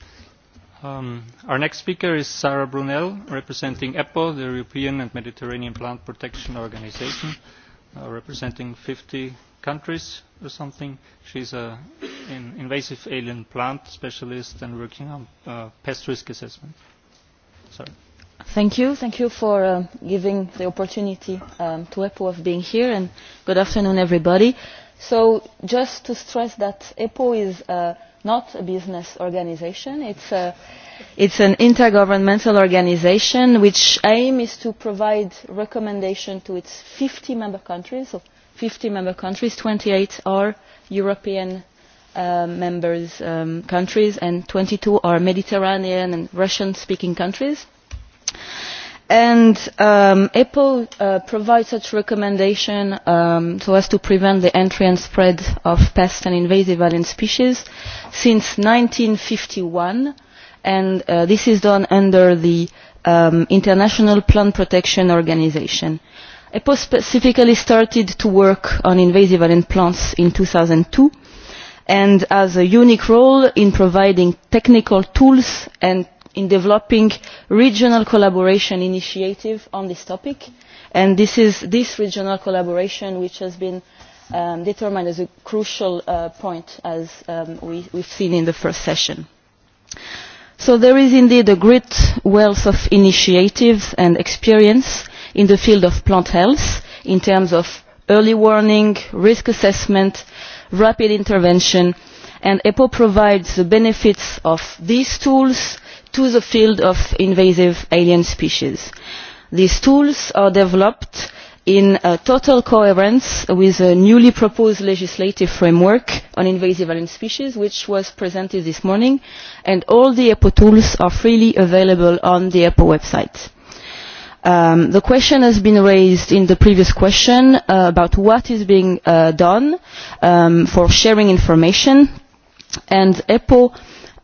Um, our next speaker is Sarah Brunel, representing EPO, the European and Mediterranean Plant Protection Organization, uh, representing 50 countries or something. She's an in invasive alien plant specialist and working on uh, pest risk assessment. Sorry. Thank you. Thank you for uh, giving the opportunity um, to EPO of being here, and good afternoon, everybody. So just to stress that EPO is uh, not a business organization. It's, a, it's an intergovernmental organization which aim is to provide recommendation to its 50 member countries. So 50 member countries, 28 are European uh, members um, countries and 22 are Mediterranean and Russian speaking countries and um, apple uh, provides such recommendation um, so as to prevent the entry and spread of pest and invasive alien species since 1951 and uh, this is done under the um, international plant protection organization apple specifically started to work on invasive alien plants in 2002 and has a unique role in providing technical tools and in developing regional collaboration initiatives on this topic and this is this regional collaboration which has been um, determined as a crucial uh, point as um, we, we've seen in the first session. So there is indeed a great wealth of initiatives and experience in the field of plant health in terms of early warning, risk assessment, rapid intervention, and EPO provides the benefits of these tools to the field of invasive alien species. These tools are developed in total coherence with a newly proposed legislative framework on invasive alien species, which was presented this morning, and all the EPO tools are freely available on the EPO website. Um, the question has been raised in the previous question uh, about what is being uh, done um, for sharing information, and EPO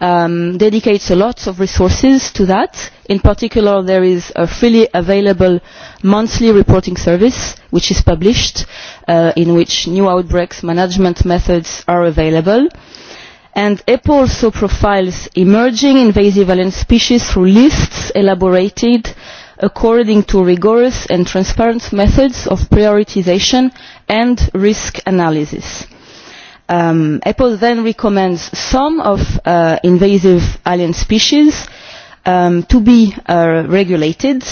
um, dedicates a lot of resources to that. In particular, there is a freely available monthly reporting service which is published, uh, in which new outbreaks management methods are available. And EPO also profiles emerging invasive alien species through lists elaborated according to rigorous and transparent methods of prioritization and risk analysis Um, EPO then recommends some of uh, invasive alien species um, to be uh, regulated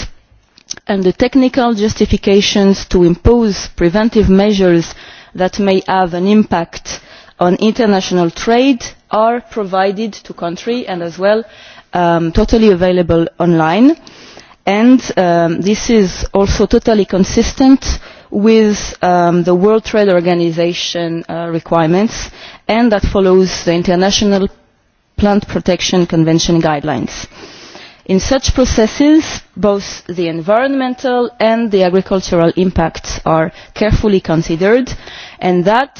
and the technical justifications to impose preventive measures that may have an impact on international trade are provided to country and as well um, totally available online. And um, this is also totally consistent with um, the World Trade Organization uh, requirements and that follows the International Plant Protection Convention guidelines. In such processes, both the environmental and the agricultural impacts are carefully considered and that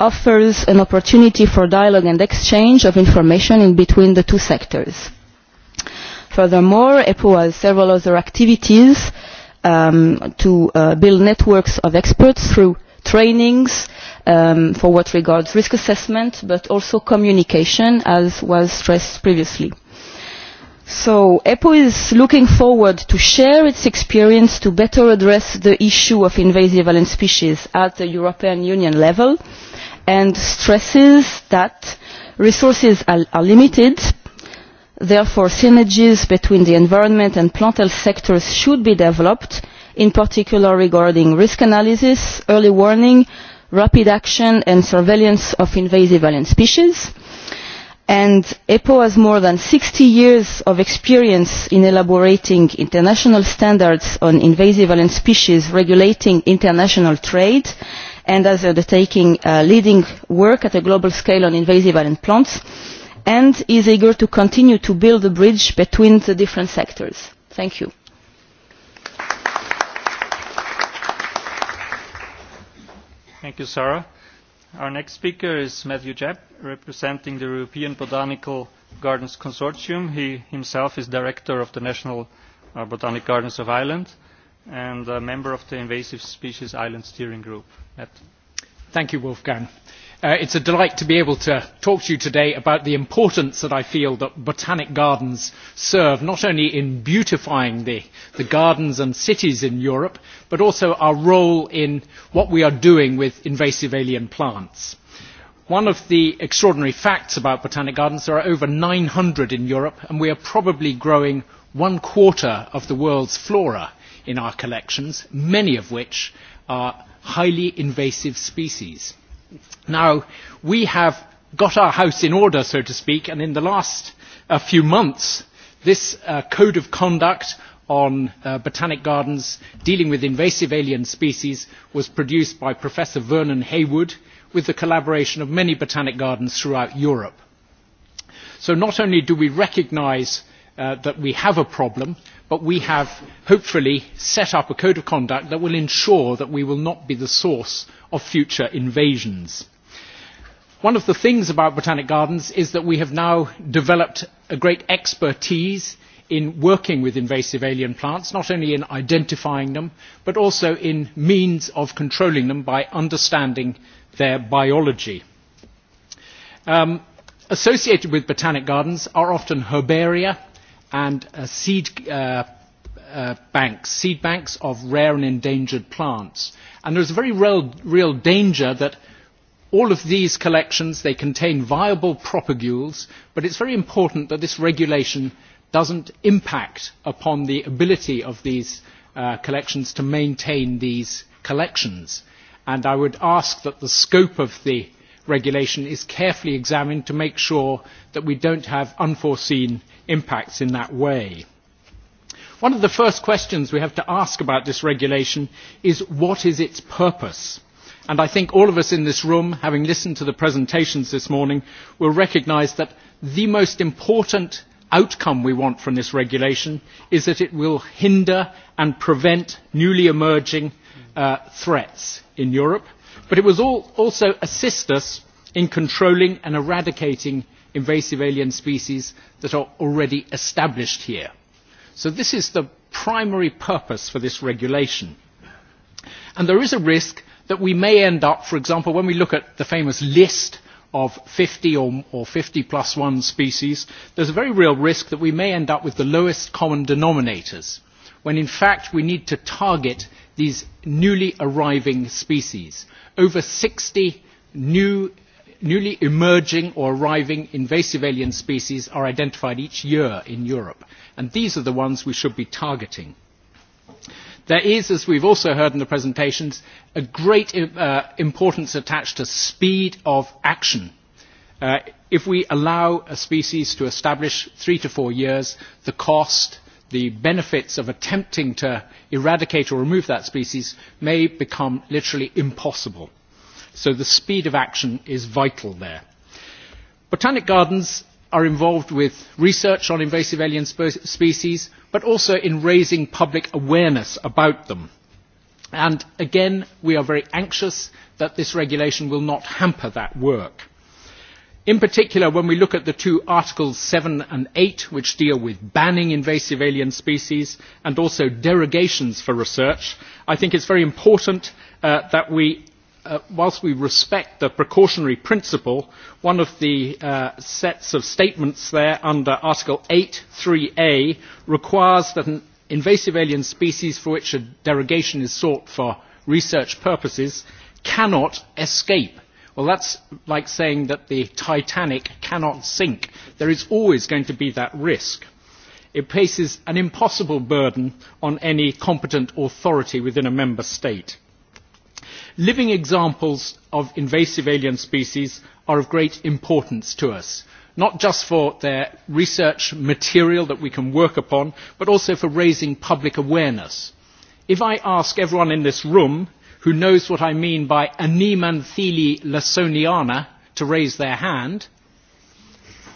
offers an opportunity for dialogue and exchange of information in between the two sectors. Furthermore, EPO has several other activities uh, um, to uh, build networks of experts through trainings um, for what regards risk assessment, but also communication, as was stressed previously. So EPO is looking forward to share its experience to better address the issue of invasive alien species at the European Union level and stresses that resources are, are limited Therefore, synergies between the environment and plant health sectors should be developed, in particular regarding risk analysis, early warning, rapid action and surveillance of invasive alien species. And EPO has more than 60 years of experience in elaborating international standards on invasive alien species regulating international trade and has undertaking uh, leading work at a global scale on invasive alien plants and is eager to continue to build a bridge between the different sectors. Thank you. Thank you, Sarah. Our next speaker is Matthew Jepp, representing the European Botanical Gardens Consortium. He himself is director of the National uh, Botanic Gardens of Ireland and a member of the Invasive Species Island Steering Group. Matt. Thank you, Wolfgang It is a delight to be able to talk to you today about the importance that I feel that botanic gardens serve, not only in beautifying the, gardens and cities in Europe, but also our role in what we are doing with invasive alien plants. One of the extraordinary facts about botanic gardens, is that there are over nine hundred in Europe, and we are probably growing one quarter of the world's flora in our collections, many of which are highly invasive species Now, we have got our house in order, so to speak, and in the last uh, few months, this uh, code of conduct on uh, botanic gardens dealing with invasive alien species was produced by Professor Vernon Haywood with the collaboration of many botanic gardens throughout Europe. So not only do we recognise uh, that we have a problem, but we have hopefully set up a code of conduct that will ensure that we will not be the source of future invasions. One of the things about Botanic Gardens is that we have now developed a great expertise in working with invasive alien plants, not only in identifying them, but also in means of controlling them by understanding their biology. associated with botanic gardens are often herbaria, and uh, seed uh, uh, banks, seed banks of rare and endangered plants. And there's a very real, real danger that all of these collections, they contain viable propagules, but it's very important that this regulation doesn't impact upon the ability of these uh, collections to maintain these collections. And I would ask that the scope of the regulation is carefully examined to make sure that we do not have unforeseen impacts in that way. One of the first questions we have to ask about this regulation is what is its purpose? And I think all of us in this room, having listened to the presentations this morning, will recognise that the most important outcome we want from this regulation is that it will hinder and prevent newly emerging threats in Europe But it will also assist us in controlling and eradicating invasive alien species that are already established here. So this is the primary purpose for this regulation. And there is a risk that we may end up, for example, when we look at the famous list of 50 or, or 50 plus one species, there's a very real risk that we may end up with the lowest common denominators when in fact we need to target these newly arriving species. Over sixty new newly emerging or arriving invasive alien species are identified each year in Europe, and these are the ones we should be targeting. There is, as we have also heard in the presentations, a great importance attached to speed of action. if we allow a species to establish three to four years, the cost, the benefits of attempting to eradicate or remove that species may become literally impossible. So the speed of action is vital there. Botanic gardens are involved with research on invasive alien species, but also in raising public awareness about them. And again, we are very anxious that this regulation will not hamper that work In particular, when we look at the two Articles seven and eight, which deal with banning invasive alien species and also derogations for research, I think it is very important that we, whilst we respect the precautionary principle, one of the sets of statements there under Article eight three a requires that an invasive alien species for which a derogation is sought for research purposes cannot escape Well, that's like saying that the Titanic cannot sink. There is always going to be that risk. It places an impossible burden on any competent authority within a member state. Living examples of invasive alien species are of great importance to us, not just for their research material that we can work upon, but also for raising public awareness. If I ask everyone in this room who knows what I mean by anemantheli lasoniana to raise their hand,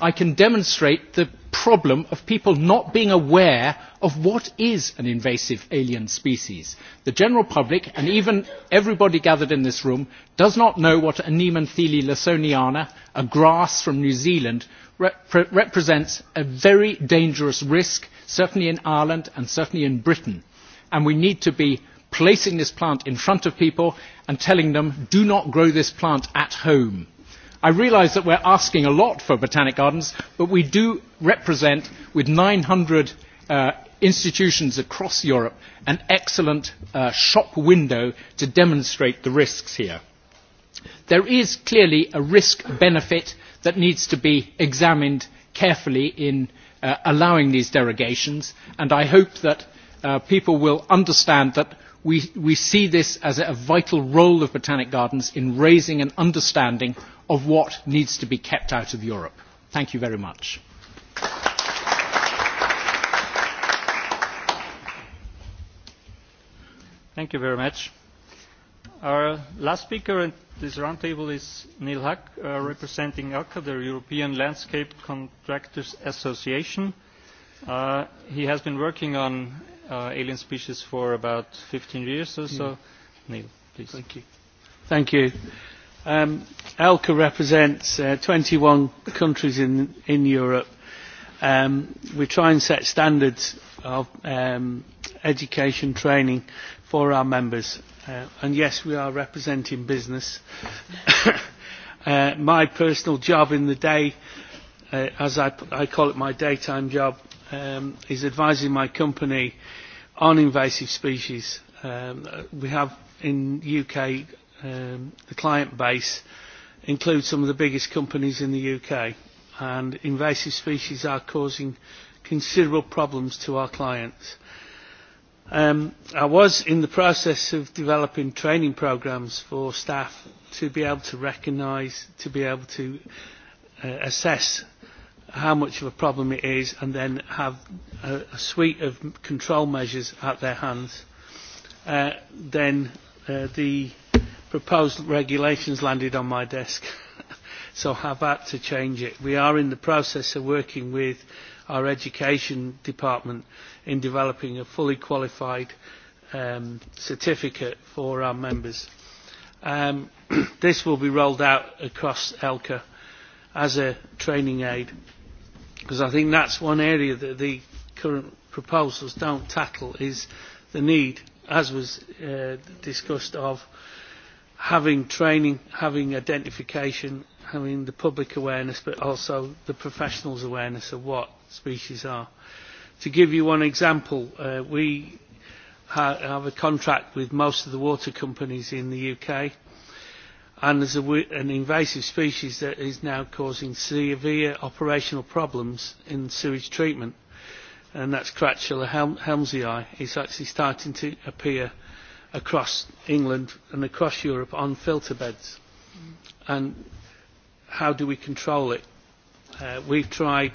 I can demonstrate the problem of people not being aware of what is an invasive alien species. The general public, and even everybody gathered in this room, does not know what Anemanthele lasoniana, a grass from New Zealand, represents a very dangerous risk, certainly in Ireland and certainly in Britain. And we need to be placing this plant in front of people and telling them, do not grow this plant at home. I realise that we are asking a lot for botanic gardens, but we do represent, with nine hundred institutions across Europe, an excellent shop window to demonstrate the risks here. There is clearly a risk-benefit that needs to be examined carefully in allowing these derogations, and I hope that people will understand that we, we see this as a vital role of botanic gardens in raising an understanding of what needs to be kept out of Europe. Thank you very much. Thank you very much. Our last speaker at this roundtable is Neil Huck, uh, representing ALCA, the European Landscape Contractors Association. Uh, he has been working on uh, alien species for about 15 years or so. Neil, please. Thank you. Thank you. Um, ALCA represents uh, 21 countries in, in Europe. Um, we try and set standards of um, education training for our members. Uh, and yes, we are representing business. uh, my personal job in the day, uh, as I, I call it my daytime job, um, is advising my company on invasive species. Um, we have in UK um, the client base includes some of the biggest companies in the UK, and invasive species are causing considerable problems to our clients. Um, I was in the process of developing training programs for staff to be able to recognise, to be able to uh, assess how much of a problem it is and then have a, a suite of control measures at their hands, uh, then uh, the proposed regulations landed on my desk. so have had to change it. We are in the process of working with our education department in developing a fully qualified um, certificate for our members. Um, this will be rolled out across ELCA as a training aid because I think that's one area that the current proposals don't tackle is the need, as was uh, discussed, of having training, having identification, having the public awareness, but also the professionals' awareness of what species are. To give you one example, uh, we ha have a contract with most of the water companies in the UK and is an invasive species that is now causing severe operational problems in sewage treatment, and that's Cratchula helmsii. It's actually starting to appear across England and across Europe on filter beds. And how do we control it? Uh, we've tried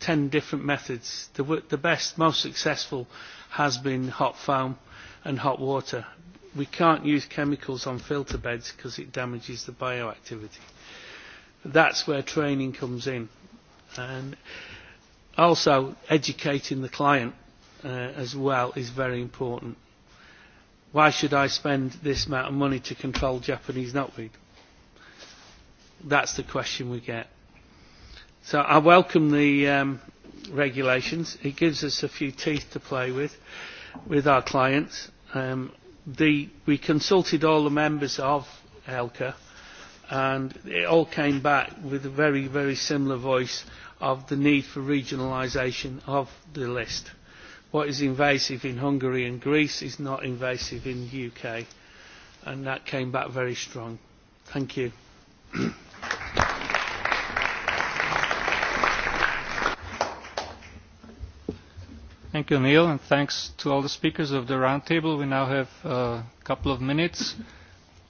10 different methods. The, the best, most successful has been hot foam and hot water, we can't use chemicals on filter beds because it damages the bioactivity. That's where training comes in. And also educating the client uh, as well is very important. Why should I spend this amount of money to control Japanese knotweed? That's the question we get. So I welcome the um, regulations. It gives us a few teeth to play with, with our clients. Um, the, we consulted all the members of ELCA and it all came back with a very, very similar voice of the need for regionalisation of the list. What is invasive in Hungary and Greece is not invasive in the UK. And that came back very strong. Thank you. Thank you, Neil, and thanks to all the speakers of the roundtable. We now have a couple of minutes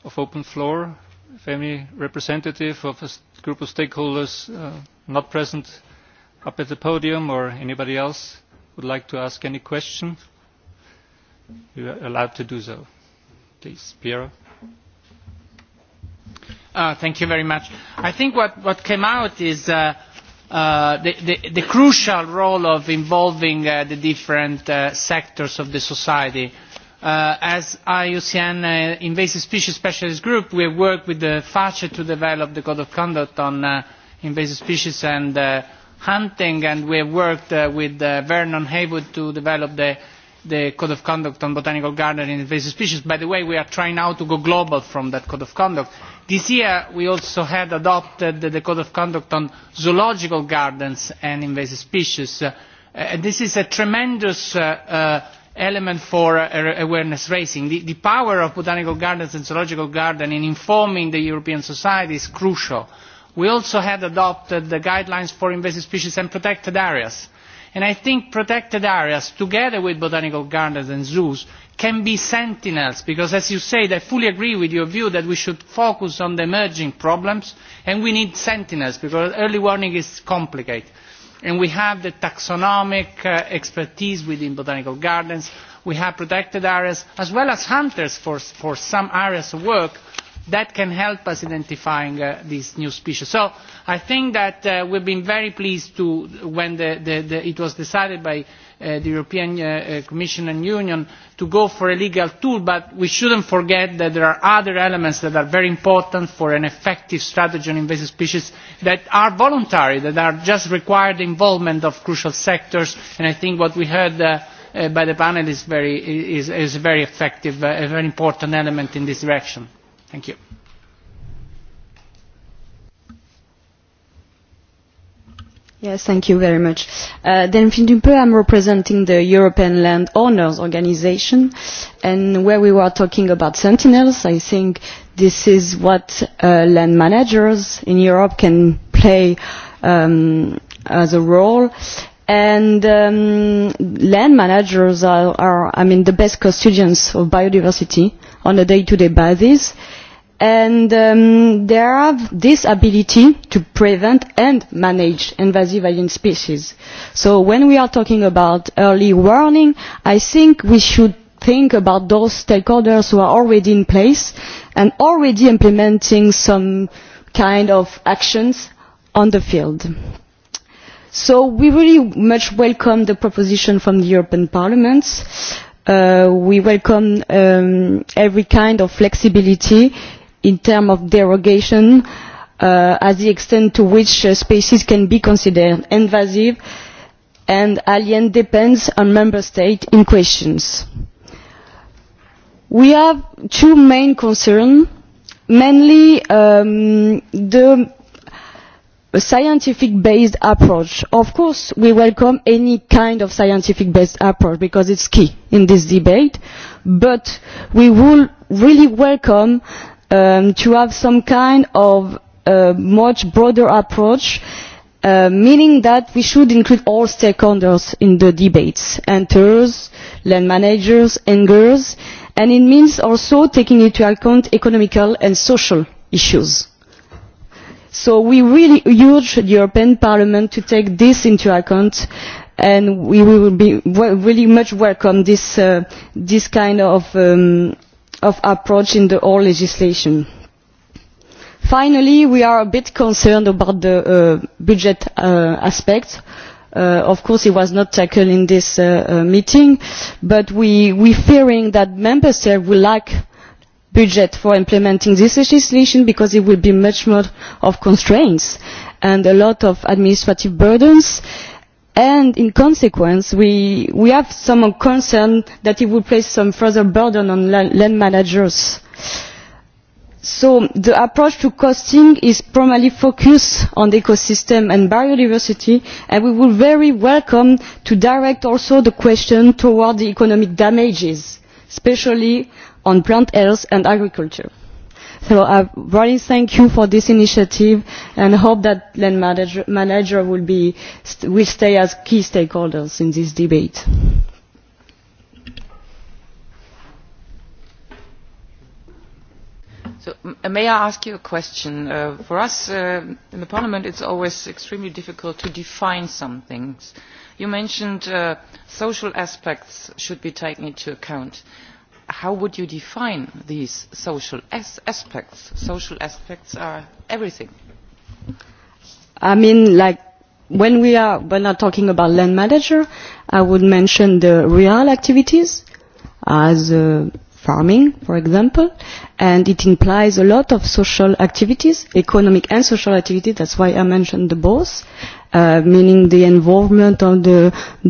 of open floor. If any representative of a group of stakeholders uh, not present up at the podium or anybody else would like to ask any question, you are allowed to do so. Please, Piero. Uh, thank you very much. I think what, what came out is uh, the, the, the crucial role of involving uh, the different uh, sectors of the society. Uh, as IUCN uh, Invasive Species Specialist Group, we have worked with the FACE to develop the Code of Conduct on uh, invasive species and uh, hunting, and we have worked uh, with uh, Vernon Haywood to develop the, the Code of Conduct on Botanical garden and Invasive Species. By the way, we are trying now to go global from that Code of Conduct this year we also had adopted the code of conduct on zoological gardens and invasive species and this is a tremendous element for awareness raising. the power of botanical gardens and zoological gardens in informing the european society is crucial. we also had adopted the guidelines for invasive species and protected areas And I think protected areas, together with botanical gardens and zoos, can be sentinels, because as you said, I fully agree with your view that we should focus on the emerging problems, and we need sentinels, because early warning is complicated. And we have the taxonomic uh, expertise within botanical gardens, we have protected areas, as well as hunters for, for some areas of work, that can help us identify these new species. So I think that uh, we've been very pleased to, when the, the, the, it was decided by uh, the European uh, Commission and Union to go for a legal tool, but we shouldn't forget that there are other elements that are very important for an effective strategy on invasive species that are voluntary, that are just required involvement of crucial sectors, and I think what we heard uh, uh, by the panel is, very, is, is very effective, uh, a very important element in this direction. Thank you. Yes, thank you very much. Uh, Delphine Dumpeux, I'm representing the European Land Owners Organization, and where we were talking about sentinels, I think this is what uh, land managers in Europe can play um, as a role. And um, land managers are, are, I mean, the best custodians of biodiversity on a day-to-day basis and um, they have this ability to prevent and manage invasive alien species. So when we are talking about early warning, I think we should think about those stakeholders who are already in place and already implementing some kind of actions on the field. So we really much welcome the proposition from the European Parliament. Uh, we welcome um, every kind of flexibility in terms of derogation uh, as the extent to which uh, species can be considered invasive and alien depends on member state in questions. We have two main concerns, mainly um, the scientific-based approach. Of course, we welcome any kind of scientific-based approach because it's key in this debate, but we will really welcome um, to have some kind of uh, much broader approach meaning that we should include all stakeholders in the debates, enters, land managers, angers, and it means also taking into account economical and social issues. So we really urge the European Parliament to take this into account and we will be really much welcome this, uh, this kind of um, of approach in the whole legislation. Finally, we are a bit concerned about the uh, budget uh, aspect. Uh, of course, it was not tackled in this uh, uh, meeting, but we are fearing that member states will lack budget for implementing this legislation because it will be much more of constraints and a lot of administrative burdens. Uh, and in consequence we we have some concern that it will place some further burden on land managers so the approach to costing is primarily focused on the ecosystem and biodiversity and we would very welcome to direct also the question toward the economic damages especially on plant health and agriculture So I really thank you for this initiative and hope that land manager, manager will, be, will stay as key stakeholders in this debate. So, may I ask you a question? Uh, for us uh, in the Parliament, it's always extremely difficult to define some things. You mentioned uh, social aspects should be taken into account how would you define these social aspects? social aspects are everything. i mean like when we are when are talking about land manager i would mention the real activities as uh, farming for example and it implies a lot of social activities economic and social activities that's why i mentioned the both uh, meaning the involvement of the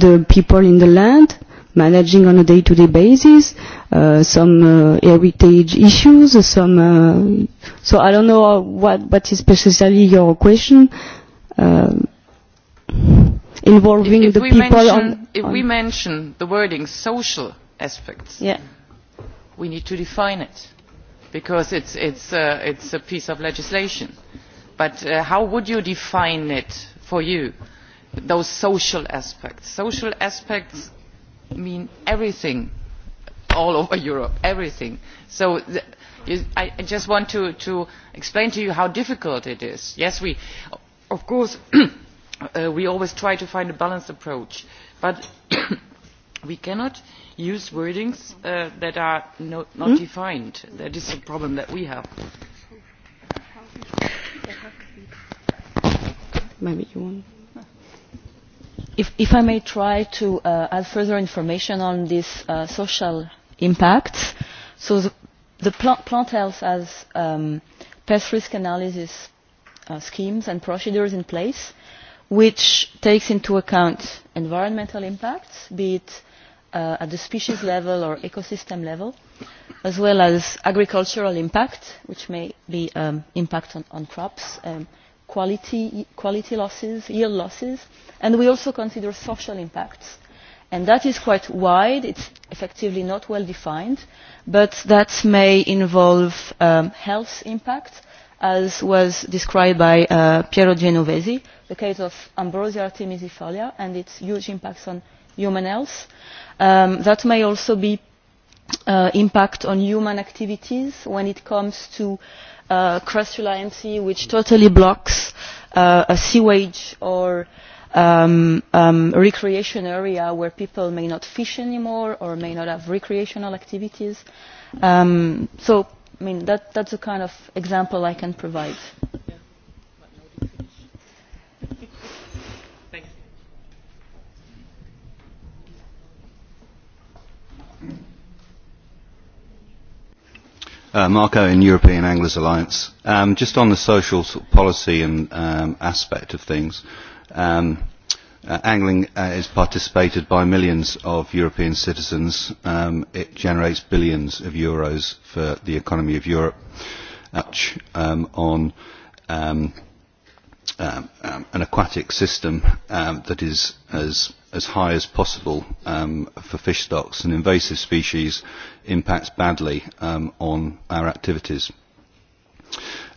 the people in the land uh, managing on a day-to-day -day basis, uh, some uh, heritage issues, some. Uh, so I don't know what what is precisely your question uh, involving if, if the we people. Mention, on, if on we mention the wording social aspects, yeah. we need to define it because it's it's uh, it's a piece of legislation. But uh, how would you define it for you? Those social aspects. Social aspects mean everything all over Europe, everything. So I, I just want to, explain to you how difficult it is. Yes, we, of course, we always try to find a balanced approach, but we cannot use wordings that are not defined. That is the problem that we have. If, if I may try to add further information on these social impacts, so the, plant, health has pest risk analysis schemes and procedures in place, which takes into account environmental impacts, be it at the species level or ecosystem level, as well as agricultural impact, which may be impact on, crops, and quality, quality losses, yield losses, and we also consider social impacts. And that is quite wide, it's effectively not well defined, but that may involve um, health impacts, as was described by uh, Piero Genovesi, the case of Ambrosia artemisifolia and its huge impacts on human health. Um, that may also be uh, impact on human activities when it comes to uh, uh, cross reliancy which totally blocks uh, a sewage or um, um, recreation area where people may not fish anymore or may not have recreational activities. Um, so, I mean, that, that's a kind of example I can provide. Uh, Marco in European Anglers Alliance. Um, just on the social sort of policy and um, aspect of things, um, uh, angling uh, is participated by millions of European citizens. Um, it generates billions of euros for the economy of Europe. Ouch, um, on um, um, um, an aquatic system um, that is as as high as possible um, for fish stocks and invasive species impacts badly um, on our activities.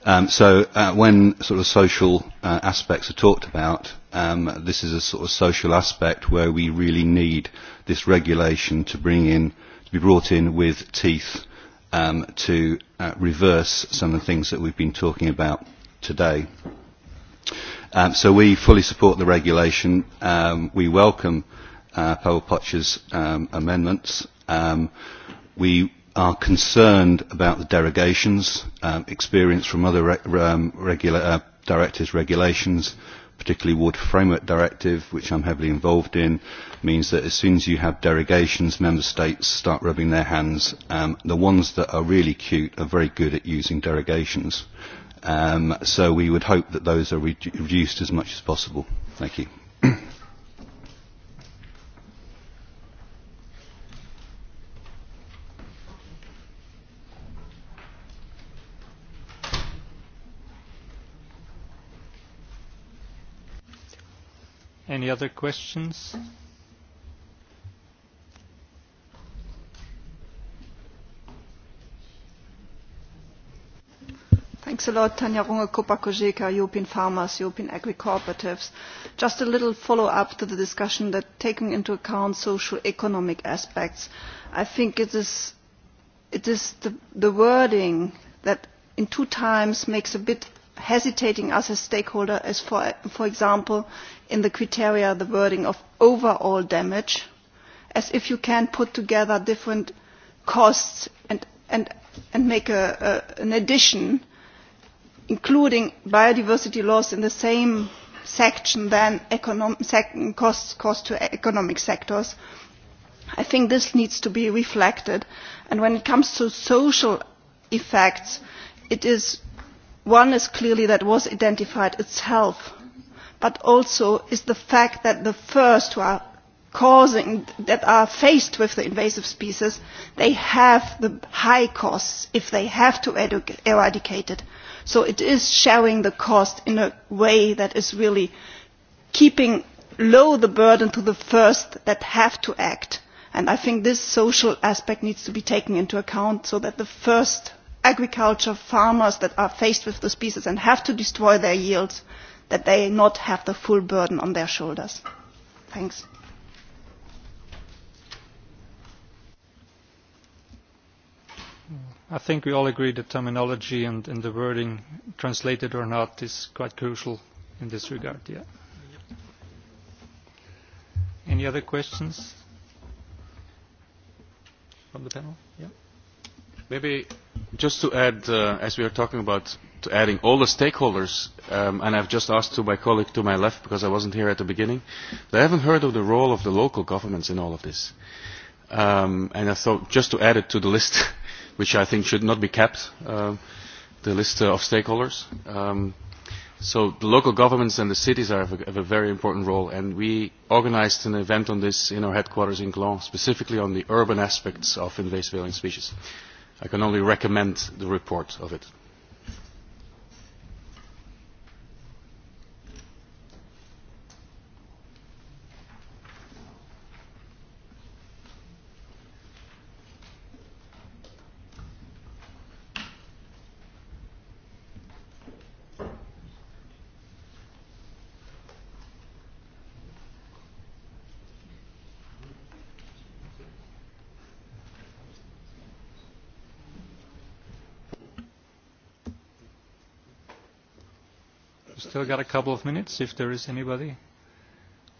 Um, so uh, when sort of social uh, aspects are talked about, um, this is a sort of social aspect where we really need this regulation to bring in, to be brought in with teeth um, to uh, reverse some of the things that we've been talking about today. Um, so we fully support the regulation. Um, we welcome uh, Pavel Potch's um, amendments. Um, we are concerned about the derogations, um, experience from other re um, uh, directives, regulations, particularly Wood Framework Directive, which I'm heavily involved in, means that as soon as you have derogations, member states start rubbing their hands. Um, the ones that are really cute are very good at using derogations. Um, so we would hope that those are re- reduced as much as possible. Thank you. Any other questions? Thanks a lot, Tanja Runge, Kopakojeka, European Farmers, European Agri Cooperatives. Just a little follow-up to the discussion that taking into account social economic aspects, I think it is, it is the, the wording that in two times makes a bit hesitating us as stakeholder as for, for example, in the criteria, the wording of overall damage, as if you can put together different costs and, and, and make a, a, an addition including biodiversity loss in the same section than costs cost to economic sectors. I think this needs to be reflected. And when it comes to social effects, it is, one is clearly that was identified itself, but also is the fact that the first who are causing, that are faced with the invasive species, they have the high costs if they have to eradicate it So it is sharing the cost in a way that is really keeping low the burden to the first that have to act. And I think this social aspect needs to be taken into account so that the first agriculture farmers that are faced with the species and have to destroy their yields, that they not have the full burden on their shoulders. Thanks. I think we all agree that terminology and, and the wording, translated or not, is quite crucial in this regard. Yeah. Any other questions from the panel? Yeah. Maybe just to add, uh, as we are talking about to adding all the stakeholders, um, and I've just asked to my colleague to my left because I wasn't here at the beginning, but I haven't heard of the role of the local governments in all of this. Um, and I thought just to add it to the list which I think should not be kept, uh, the list of stakeholders. Um, so the local governments and the cities are, have, a, have a very important role, and we organized an event on this in our headquarters in Gland, specifically on the urban aspects of invasive alien species. I can only recommend the report of it. We've got a couple of minutes if there is anybody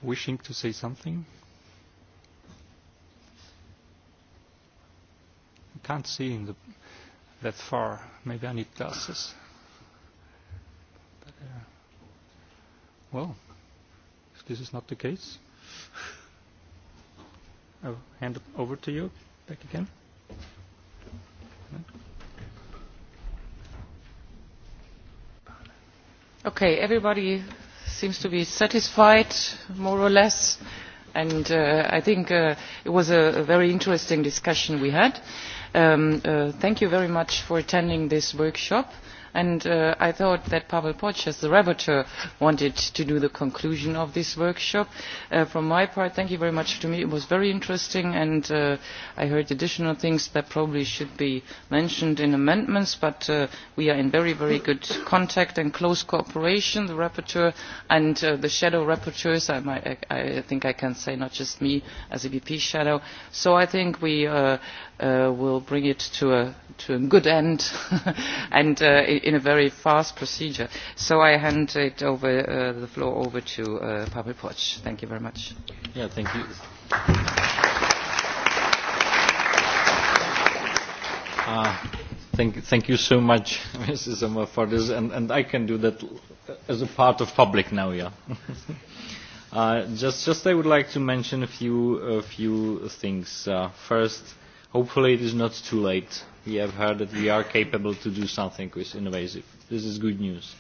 wishing to say something. I can't see in the, that far. Maybe I need glasses. But, uh, well, if this is not the case, I'll hand it over to you back again. everybody seems to be satisfied, more or less, and I think it was a, very interesting discussion we had. thank you very much for attending this workshop and uh, I thought that Pavel Poch, as the rapporteur, wanted to do the conclusion of this workshop. Uh, from my part, thank you very much to me. It was very interesting, and uh, I heard additional things that probably should be mentioned in amendments, but uh, we are in very, very good contact and close cooperation, the rapporteur and uh, the shadow rapporteurs, I, might, I, I think I can say not just me as a VP shadow. So I think we uh, uh, will bring it to a, to a good end and uh, in a very fast procedure. So I hand it over, uh, the floor over to uh, Pavel Poch. Thank you very much. Yeah, thank you. Uh, thank, thank you so much, Mrs. Sommer, for this, and, and I can do that as a part of public now, yeah. uh, just, just I would like to mention a few, a few things. Uh, first, uh, Hopefully it is not too late. We have heard that we are capable to do something with innovative. This is good news.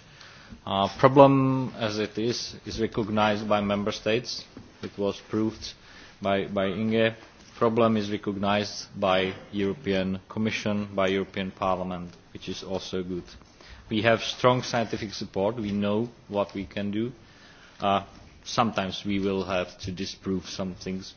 Uh, problem as it is, is recognized by member states. It was proved by, by Inge. Problem is recognized by European Commission, by European Parliament, which is also good. We have strong scientific support. We know what we can do. Uh, sometimes we will have to disprove some things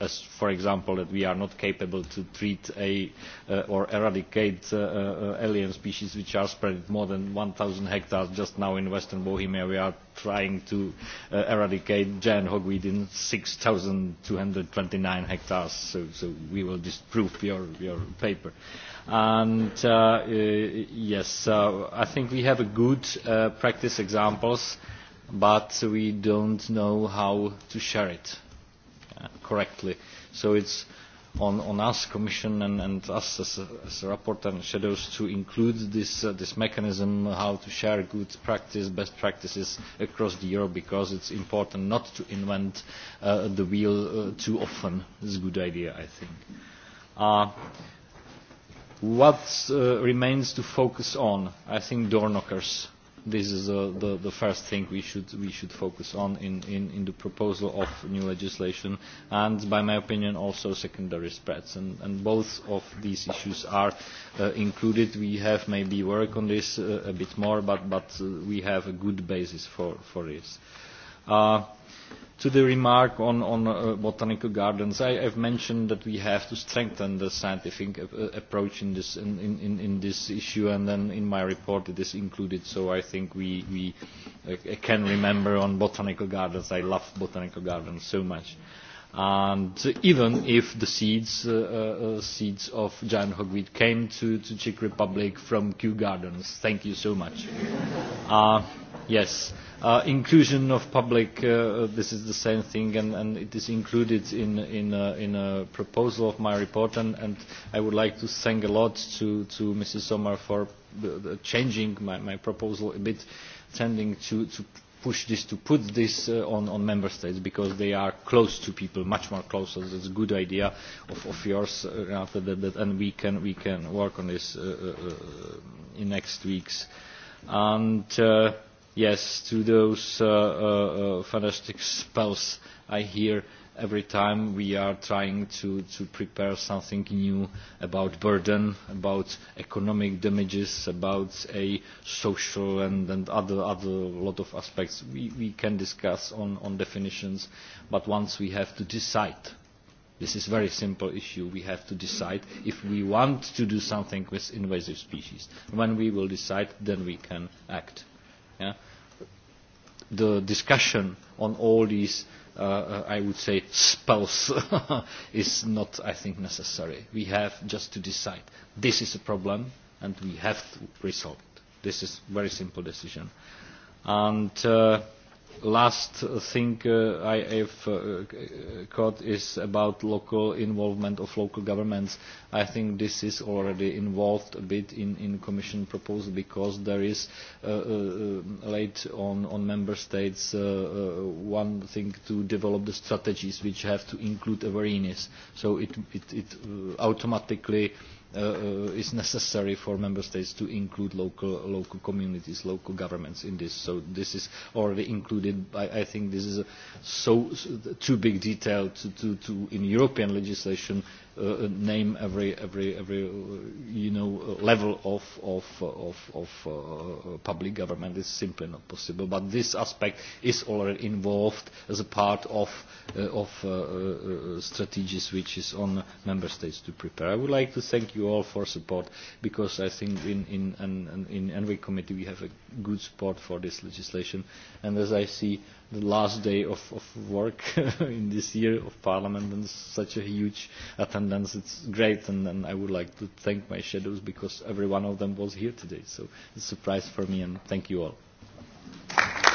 as for example that we are not capable to treat a, uh, or eradicate uh, uh, alien species which are spread more than 1,000 hectares just now in western Bohemia. We are trying to uh, eradicate giant hogweed in 6,229 hectares, so, so we will disprove your, your paper. And uh, uh, yes, uh, I think we have a good uh, practice examples, but we don't know how to share it correctly. So it's on, on us, Commission, and, and us as a, as a rapporteur and shadows to include this, uh, this mechanism, how to share good practice, best practices across the Europe, because it's important not to invent uh, the wheel uh, too often. It's a good idea, I think. Uh, what uh, remains to focus on? I think door knockers this is uh, the, the first thing we should, we should focus on in, in, in the proposal of new legislation and, by my opinion, also secondary spreads. And, and both of these issues are uh, included. We have maybe work on this uh, a bit more, but, but uh, we have a good basis for, for this. Uh, To the remark on, on uh, botanical gardens, I, have mentioned that we have to strengthen the scientific ap approach in this, in, in, in this issue, and then in my report it is included, so I think we, we uh, can remember on botanical gardens. I love botanical gardens so much and even if the seeds, uh, uh, seeds of giant hogweed came to, to Czech Republic from Kew Gardens. Thank you so much. uh, yes. Uh, inclusion of public, uh, this is the same thing, and, and it is included in, in, a, in a proposal of my report, and, and I would like to thank a lot to, to Mrs. Sommer for the, the changing my, my proposal a bit, tending to, to push this to put this uh, on, on member states because they are close to people much more closer that's a good idea of, of yours uh, after that, that and we can we can work on this uh, uh, in next weeks and uh, yes to those uh, uh, fantastic spells I hear every time we are trying to, to prepare something new about burden, about economic damages, about a social and, and other, other lot of aspects we, we can discuss on, on definitions, but once we have to decide this is a very simple issue. We have to decide if we want to do something with invasive species. When we will decide, then we can act. Yeah? the discussion on all these, uh, I would say, spells is not, I think, necessary. We have just to decide this is a problem and we have to resolve it. This is a very simple decision. And uh, last thing uh, I have uh, caught is about local involvement of local governments. I think this is already involved a bit in, in Commission proposal because there is uh, uh, late on, on member states uh, uh, one thing to develop the strategies which have to include awareness. So it, it, it uh, automatically uh, is necessary for member states to include local local communities, local governments in this. So this is already included. I, I think this is a so, so too big detail to, to, to in European legislation name every every every you know level of of of, of uh, public government is simply not possible. But this aspect is already involved as a part of uh, of uh, uh, strategies which is on member states to prepare. I would like to thank you all for support because I think in in in, in every committee we have a good support for this legislation, and as I see the last day of, of work in this year of Parliament and such a huge attendance. It's great, and, and I would like to thank my shadows because every one of them was here today. So it's a surprise for me, and thank you all.